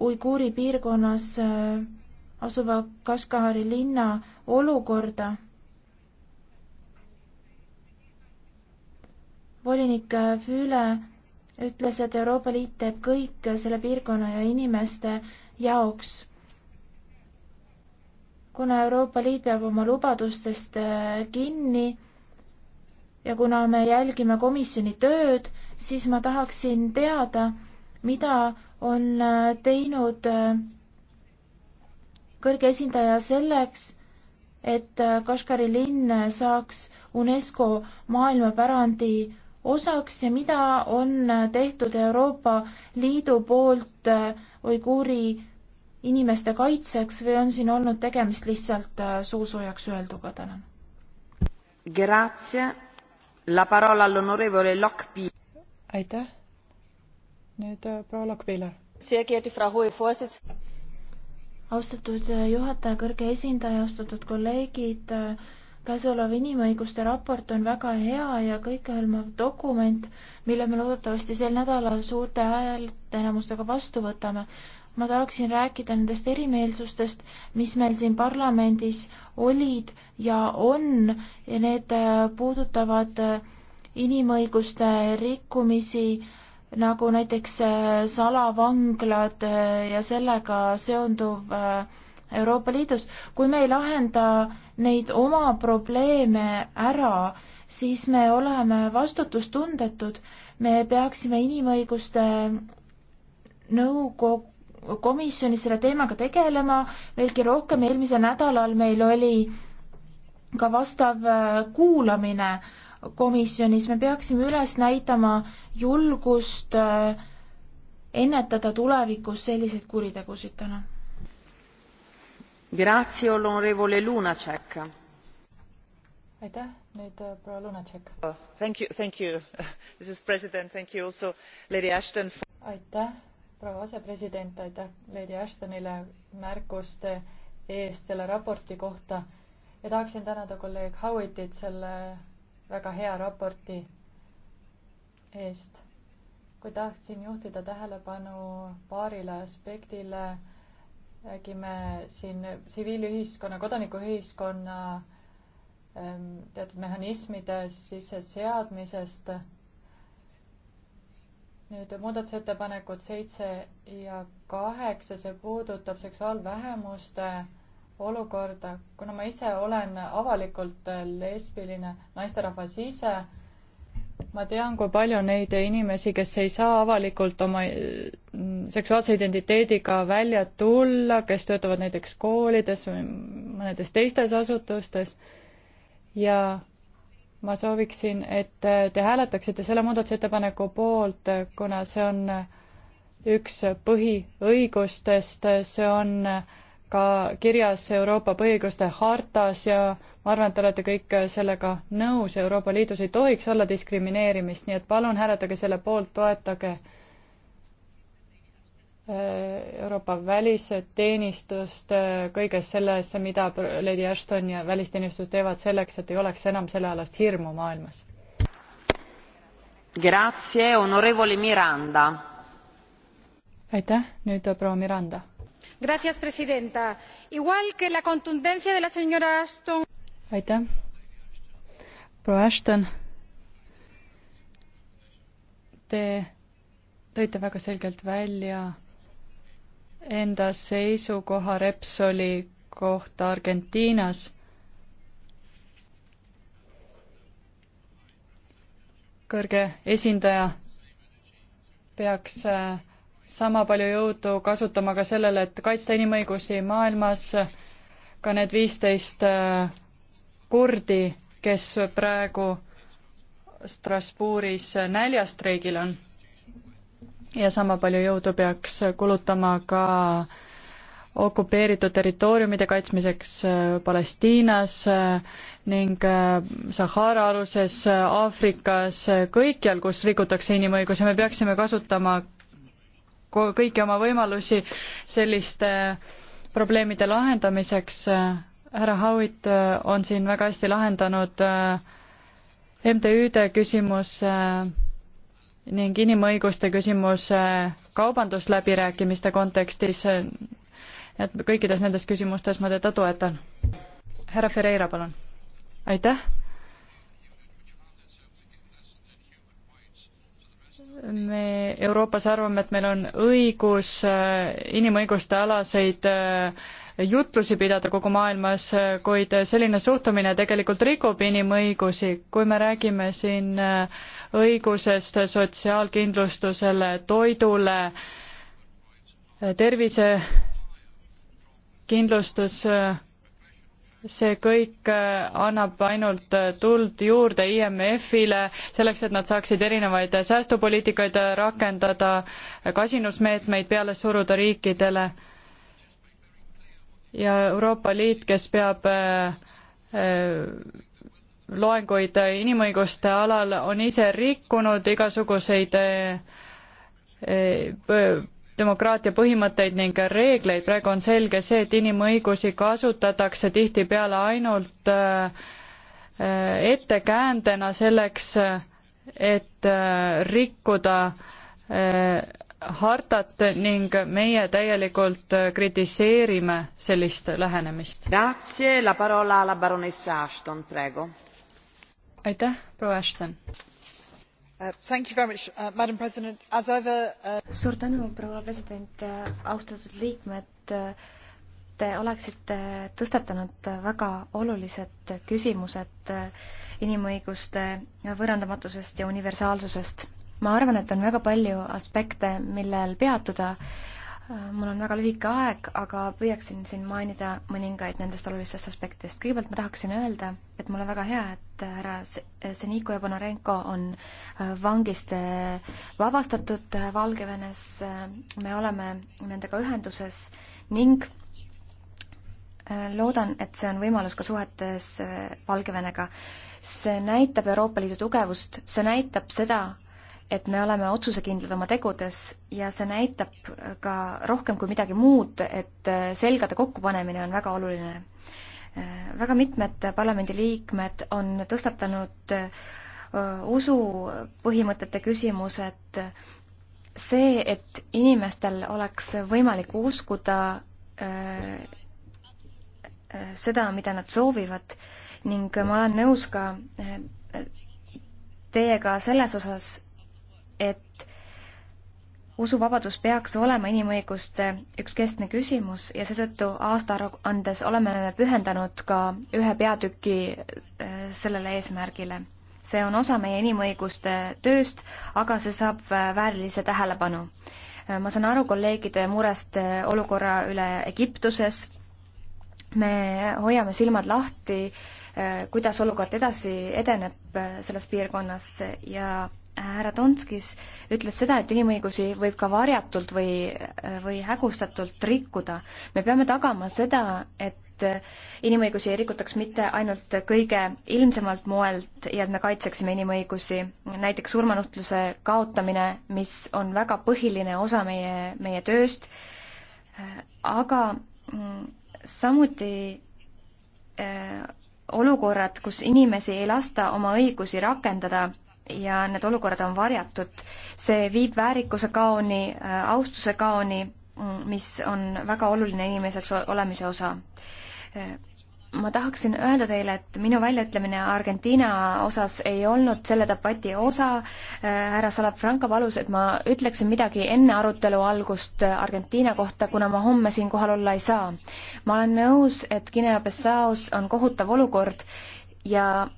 Uiguuri piirkonnas äh, asuva Kashgari linna olukorda. volinik äh, Füüle ütles, et Euroopa Liit teeb kõik selle piirkonna ja inimeste jaoks kuna Euroopa Liit peab oma lubadustest äh, kinni ja kuna me jälgime komisjoni tööd, siis ma tahaksin teada, mida on äh, teinud äh, kõrge esindaja selleks, et äh, Kashgari linn saaks UNESCO maailmapärandi osaks ja mida on tehtud Euroopa Liidu poolt uiguuri inimeste kaitseks või on siin olnud tegemist lihtsalt suusoojaks öelduga, tänan. aitäh nüüd äh, proua Lokviler. austatud äh, juhataja, kõrge esindaja, austatud kolleegid, äh, käesolev inimõiguste raport on väga hea ja kõikehõlmav dokument, mille me loodetavasti sel nädalal suurte häälteenamustega vastu võtame ma tahaksin rääkida nendest erimeelsustest, mis meil siin parlamendis olid ja on ja need puudutavad inimõiguste rikkumisi nagu näiteks äh, salavanglad äh, ja sellega seonduv äh, Euroopa Liidus, kui me ei lahenda neid oma probleeme ära, siis me oleme vastutustundetud, me peaksime inimõiguste nõukogu komisjonis selle teemaga tegelema veelgi rohkem, eelmisel nädalal meil oli ka vastav kuulamine äh, komisjonis, me peaksime üles näitama julgust äh, ennetada tulevikus selliseid kuritegusid täna. aitäh, nüüd äh, proua Lunacek. aitäh, proua asepresident, aitäh Lady Ashtonile märkuste eest selle raporti kohta ja tahaksin tänada kolleeg Howitit selle väga hea raporti eest, kuid tahtsin juhtida tähelepanu paarile aspektile. räägime siin tsiviilühiskonna, kodanikuühiskonna ähm, teatud mehhanismide sisseseadmisest. nüüd muudatusettepanekud seitse ja kaheksa, see puudutab seksuaalvähemuste olukorda. kuna ma ise olen avalikult lesbiline naisterahvas ise, ma tean, kui palju neid inimesi, kes ei saa avalikult oma mm, seksuaalse identiteediga välja tulla, kes töötavad näiteks koolides või mõnedes teistes asutustes ja ma sooviksin, et te hääletaksite selle muudatusettepaneku poolt, kuna see on üks põhiõigustest, see on äh, ka kirjas Euroopa põhiõiguste hartas ja ma arvan, et te olete kõik sellega nõus, Euroopa Liidus ei tohiks olla diskrimineerimist, nii et palun hääletage selle poolt, toetage äh, Euroopa välisteenistust äh, kõiges selles, mida Lady Ashton ja välisteenistus teevad selleks, et ei oleks enam sellealast hirmu maailmas. aitäh, nüüd proua Miranda señora presidenta igual que la contundencia de la señora Ashton. aitäh, proua Ashton. Te tõite väga selgelt välja enda seisukoha Repsoli kohta Argentiinas. kõrge esindaja peaks äh, sama palju jõudu kasutama ka sellele, et kaitsta inimõigusi maailmas, ka need viisteist äh, kurdi, kes praegu Strasbourgis näljastreigil on. ja sama palju jõudu peaks kulutama ka okupeeritud territooriumide kaitsmiseks äh, Palestiinas äh, ning Sahara aluses, Aafrikas, kõikjal, kus rikutakse inimõigusi, me peaksime kasutama kõiki oma võimalusi selliste äh, probleemide lahendamiseks. Äh, härra Howitt äh, on siin väga hästi lahendanud MTÜ-de küsimus ning inimõiguste küsimus kaubandusläbirääkimiste kontekstis. et kõikides nendes küsimustes ma teda toetan. härra Ferreira, palun. aitäh me Euroopas arvame, et meil on õigus äh, inimõiguste alaseid äh, jutlusi pidada kogu maailmas, äh, kuid selline suhtumine tegelikult rikub inimõigusi. kui me räägime siin õigusest sotsiaalkindlustusele, toidule, tervisekindlustus, see kõik äh, annab ainult äh, tuld juurde IMF-ile selleks, et nad saaksid erinevaid äh, säästupoliitikaid rakendada, kasinusmeetmeid peale suruda riikidele. ja Euroopa Liit, kes peab loenguid inimõiguste alal, on ise rikkunud igasuguseid demokraatia põhimõtteid ning reegleid, praegu on selge see, et inimõigusi kasutatakse tihtipeale ainult äh, äh, ettekäändena selleks, et äh, rikkuda hartat ning meie täielikult kritiseerime sellist lähenemist. aitäh, proua Ashton! Uh, uh, uh, suur tänu, proua president, austatud liikmed. Te oleksite tõstatanud väga olulised küsimused inimõiguste võõrandamatusest ja universaalsusest. ma arvan, et on väga palju aspekte, millel peatuda, mul on väga lühike aeg, aga püüaksin siin mainida mõningaid nendest olulistest aspektidest. kõigepealt ma tahaksin öelda, et mul on väga hea, et härra Seniko Jebonorenko on äh, vangist äh, vabastatud äh, Valgevenes. me oleme nendega ühenduses ning loodan, et see on võimalus ka suhetes Valgevenega. see näitab Euroopa Liidu tugevust, see näitab seda, et me oleme otsusekindlad oma tegudes ja see näitab ka rohkem kui midagi muud, et äh, selgade kokkupanemine on väga oluline. Äh, väga mitmed parlamendiliikmed on tõstatanud äh, usupõhimõtete küsimused, see, et inimestel oleks võimalik uskuda seda, mida nad soovivad ning ma olen nõus ka teiega selles osas, et usuvabadus peaks olema inimõiguste üks keskne küsimus ja seetõttu aastaaruandes oleme me pühendanud ka ühe peatüki äh, sellele eesmärgile. see on osa meie inimõiguste tööst, aga see saab äh, väärilise tähelepanu. Äh, ma saan aru kolleegide murest olukorra üle Egiptuses, me hoiame silmad lahti, kuidas olukord edasi edeneb selles piirkonnas ja härra Donskis ütles seda, et inimõigusi võib ka varjatult või, või hägustatult rikkuda. me peame tagama seda, et inimõigusi ei rikutaks mitte ainult kõige ilmsemalt moelt ja et me kaitseksime inimõigusi, näiteks surmanuhtluse kaotamine, mis on väga põhiline osa meie, meie tööst, aga mm, samuti äh, olukorrad, kus inimesi ei lasta oma õigusi rakendada ja need olukorrad on varjatud. see viib väärikuse kaoni, äh, austuse kaoni, mm, mis on väga oluline inimeseks olemise osa. Äh, ma tahaksin öelda teile, et minu väljaütlemine Argentiina osas ei olnud selle debati osa. Äh, härra Salafranca palus, et ma ütleksin midagi enne arutelu algust Argentiina kohta, kuna ma homme siin kohal olla ei saa. ma olen nõus, et Guinea-Bissaus on kohutav olukord ja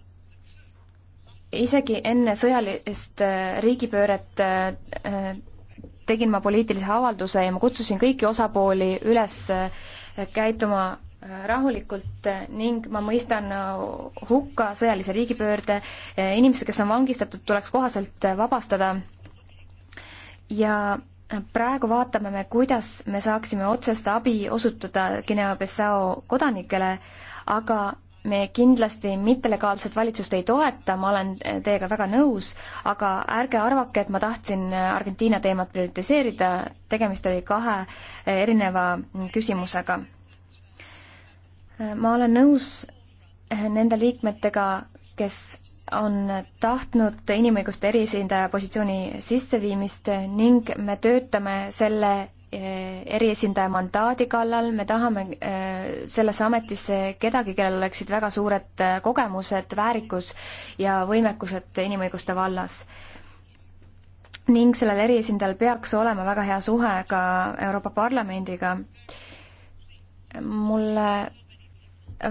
isegi enne sõjalist äh, riigipööret äh, äh, tegin ma poliitilise avalduse ja ma kutsusin kõiki osapooli üles käituma rahulikult ning ma mõistan hukka sõjalise riigipöörde. inimesed, kes on vangistatud, tuleks kohaselt vabastada. ja praegu vaatame me, kuidas me saaksime otsest abi osutada Guinea-Bissau kodanikele, aga me kindlasti mittelegaalset valitsust ei toeta, ma olen teiega väga nõus, aga ärge arvake, et ma tahtsin Argentiina teemat prioritiseerida, tegemist oli kahe erineva küsimusega. ma olen nõus nende liikmetega, kes on tahtnud inimõiguste eriesindaja positsiooni sisseviimist ning me töötame selle Eh, eriesindaja mandaadi kallal, me tahame eh, sellesse ametisse kedagi, kellel oleksid väga suured eh, kogemused, väärikus ja võimekused inimõiguste vallas. ning sellel eriesindajal peaks olema väga hea suhe ka Euroopa Parlamendiga. mulle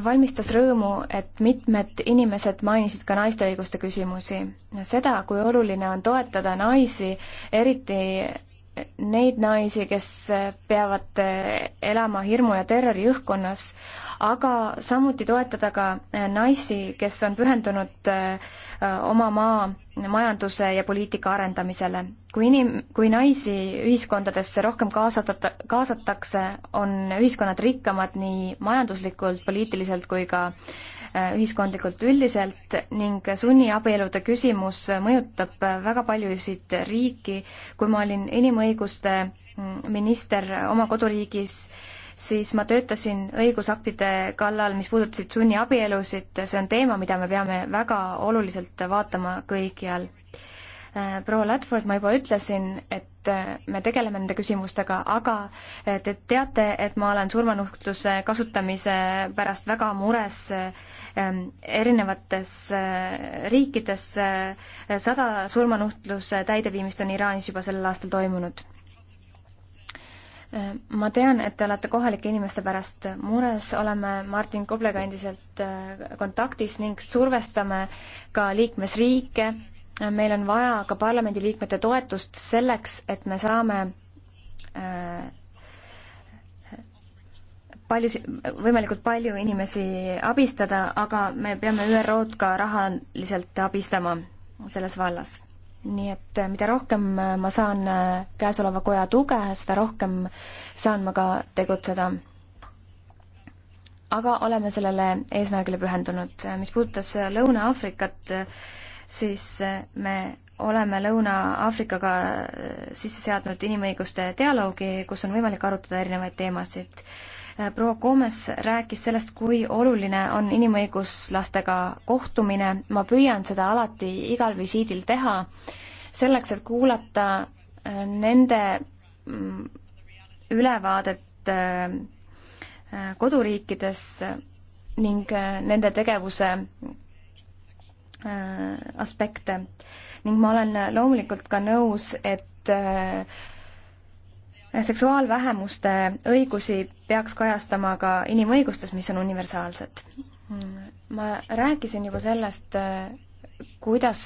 valmistas rõõmu, et mitmed inimesed mainisid ka naiste õiguste küsimusi. seda, kui oluline on toetada naisi, eriti neid naisi, kes peavad elama hirmu ja terrori õhkkonnas, aga samuti toetada ka naisi, kes on pühendunud äh, oma maa majanduse ja poliitika arendamisele. kui inim-, kui naisi ühiskondadesse rohkem kaasata-, kaasatakse, on ühiskonnad rikkamad nii majanduslikult, poliitiliselt kui ka äh, ühiskondlikult üldiselt ning sunniabielude küsimus mõjutab väga paljusid riiki. kui ma olin inimõiguste minister oma koduriigis, siis ma töötasin õigusaktide kallal, mis puudutasid sunniabielusid, see on teema, mida me peame väga oluliselt vaatama kõikjal proua Lätford, ma juba ütlesin, et me tegeleme nende küsimustega, aga te teate, et ma olen surmanuhtluse kasutamise pärast väga mures Ehm, erinevates eh, riikides. Eh, sada surmanuhtluse täideviimist on Iraanis juba sellel aastal toimunud. Ehm, ma tean, et te olete kohalike inimeste pärast mures, oleme Martin Koblega endiselt eh, kontaktis ning survestame ka liikmesriike. meil on vaja ka parlamendiliikmete toetust selleks, et me saame palju, võimalikult palju inimesi abistada, aga me peame ÜRO-d ka rahaliselt abistama selles vallas. nii et äh, mida rohkem äh, ma saan äh, käesoleva koja tuge, seda rohkem saan ma ka tegutseda. aga oleme sellele eesmärgile pühendunud. mis puudutas Lõuna-Aafrikat, siis me oleme Lõuna-Aafrikaga sisse seadnud inimõiguste dialoogi, kus on võimalik arutada erinevaid teemasid. Äh, proua Gomes rääkis sellest, kui oluline on inimõiguslastega kohtumine, ma püüan seda alati igal visiidil teha, selleks, et kuulata äh, nende mm, ülevaadet äh, koduriikides ning nende tegevuse aspekte. ning ma olen loomulikult ka nõus, et seksuaalvähemuste õigusi peaks kajastama ka inimõigustes, mis on universaalsed. ma rääkisin juba sellest, kuidas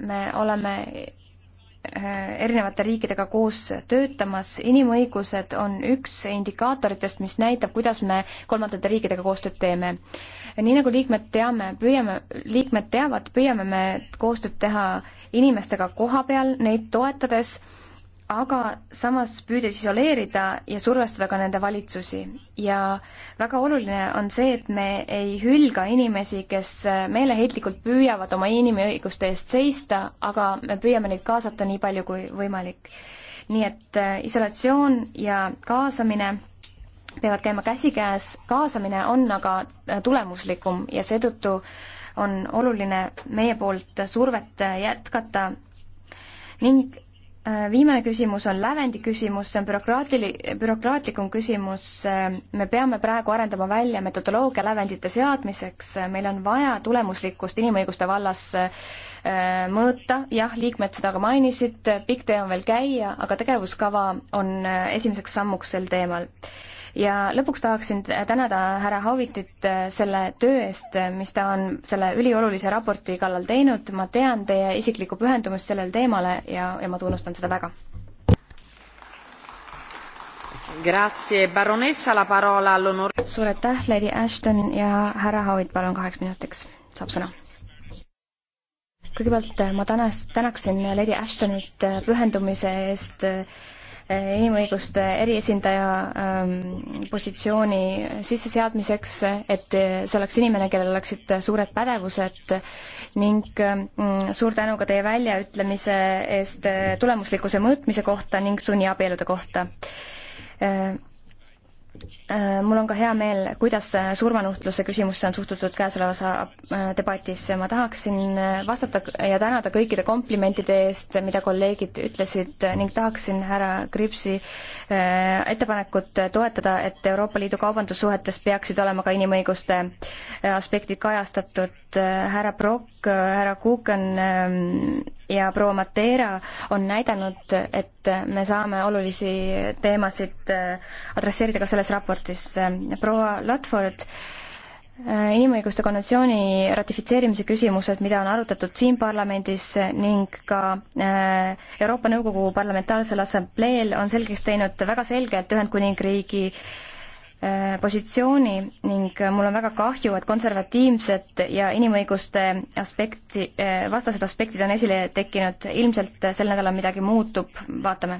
me oleme eh, erinevate riikidega koos töötamas, inimõigused on üks indikaatoritest, mis näitab, kuidas me kolmandate riikidega koostööd teeme. nii nagu liikmed teame, püüame, liikmed teavad, püüame me koostööd teha inimestega koha peal, neid toetades äh, aga samas püüdes isoleerida ja survestada ka nende valitsusi. ja väga oluline on see, et me ei hülga inimesi, kes meeleheitlikult püüavad oma inimõiguste eest seista, aga me püüame neid kaasata nii palju kui võimalik. nii et äh, isolatsioon ja kaasamine peavad käima käsikäes, kaasamine on aga äh, tulemuslikum ja seetõttu on oluline meie poolt survet äh, jätkata ning Äh, viimane küsimus on lävendi küsimus, see on bürokraatili-, bürokraatlikum küsimus, äh, me peame praegu arendama välja metodoloogia lävendite seadmiseks, äh, meil on vaja tulemuslikkust inimõiguste vallas mõõta, jah, liikmed seda ka mainisid, pikk tee on veel käia, aga tegevuskava on esimeseks sammuks sel teemal ja lõpuks tahaksin tänada härra Hauvitit äh, selle töö eest, äh, mis ta on selle üliolulise raporti kallal teinud, ma tean teie isiklikku pühendumust sellele teemale ja, ja ma tunnustan seda väga. suur aitäh, Lady Ashton ja härra Haavit, palun kaheks minutiks saab sõna kõigepealt äh, ma tänas, tänaksin Lady Ashtonit pühendumise eest äh, inimõiguste eriesindaja ähm, positsiooni sisseseadmiseks, et see oleks inimene, kellel oleksid suured pädevused ning ähm, suur tänu ka teie väljaütlemise eest äh, tulemuslikkuse mõõtmise kohta ning sunniabielude kohta äh, Äh, mul on ka hea meel, kuidas surmanuhtluse küsimusse on suhtutud käesolevas äh, debatis. ma tahaksin äh, vastata ja tänada kõikide komplimentide eest, mida kolleegid ütlesid ning tahaksin härra Kripsi ettepanekut toetada, et Euroopa Liidu kaubandussuhetes peaksid olema ka inimõiguste aspektid kajastatud. härra Brock, härra Kuken ähm, ja proua Matera on näidanud, et me saame olulisi teemasid äh, adresseerida ka selles raportis. proua Lotford, äh, inimõiguste konventsiooni ratifitseerimise küsimused, mida on arutatud siin parlamendis ning ka äh, Euroopa Nõukogu Parlamentaarsel Assambleel, on selgeks teinud väga selgelt Ühendkuningriigi Äh, positsiooni ning mul on väga kahju, et konservatiivsed ja inimõiguste aspekti, äh, vastased aspektid on esile tekkinud, ilmselt sel nädalal midagi muutub, vaatame.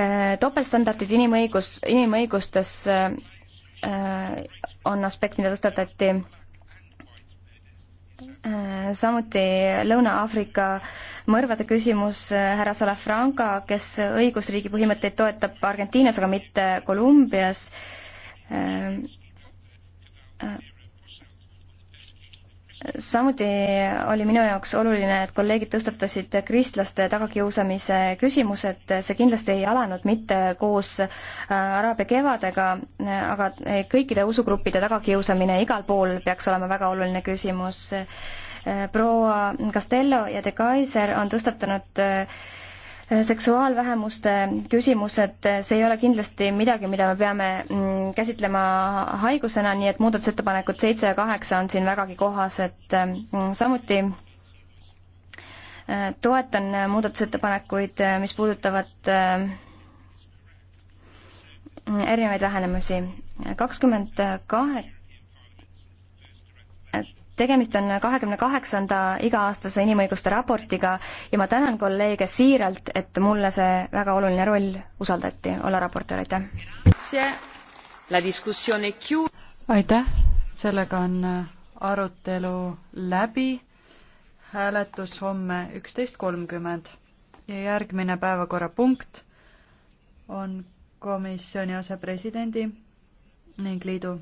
Äh, topeltstandardid inimõigus, inimõigustes on aspekt, mida tõstatati samuti Lõuna-Aafrika mõrvade küsimus, härra Salafranca, kes õigusriigi põhimõtteid toetab Argentiinas, aga mitte Kolumbias äh,, samuti oli minu jaoks oluline, et kolleegid tõstatasid kristlaste tagakiusamise küsimused, see kindlasti ei alanud mitte koos äh, Araabia kevadega, äh, aga äh, kõikide usugruppide tagakiusamine igal pool peaks olema väga oluline küsimus. proua Castello ja de Kaiser on tõstatanud seksuaalvähemuste küsimused, see ei ole kindlasti midagi, mida me peame mm, käsitlema haigusena, nii et muudatusettepanekud seitse ja kaheksa on siin vägagi kohased. Mm, samuti äh, toetan muudatusettepanekuid, äh, mis puudutavad äh, erinevaid lähenemisi. kakskümmend kahe tegemist on kahekümne kaheksanda iga-aastase inimõiguste raportiga ja ma tänan kolleege siiralt, et mulle see väga oluline roll usaldati olla raportöör, aitäh! aitäh, sellega on äh, arutelu läbi, hääletus homme üksteist kolmkümmend ja järgmine päevakorrapunkt on komisjoni asepresidendi ning liidu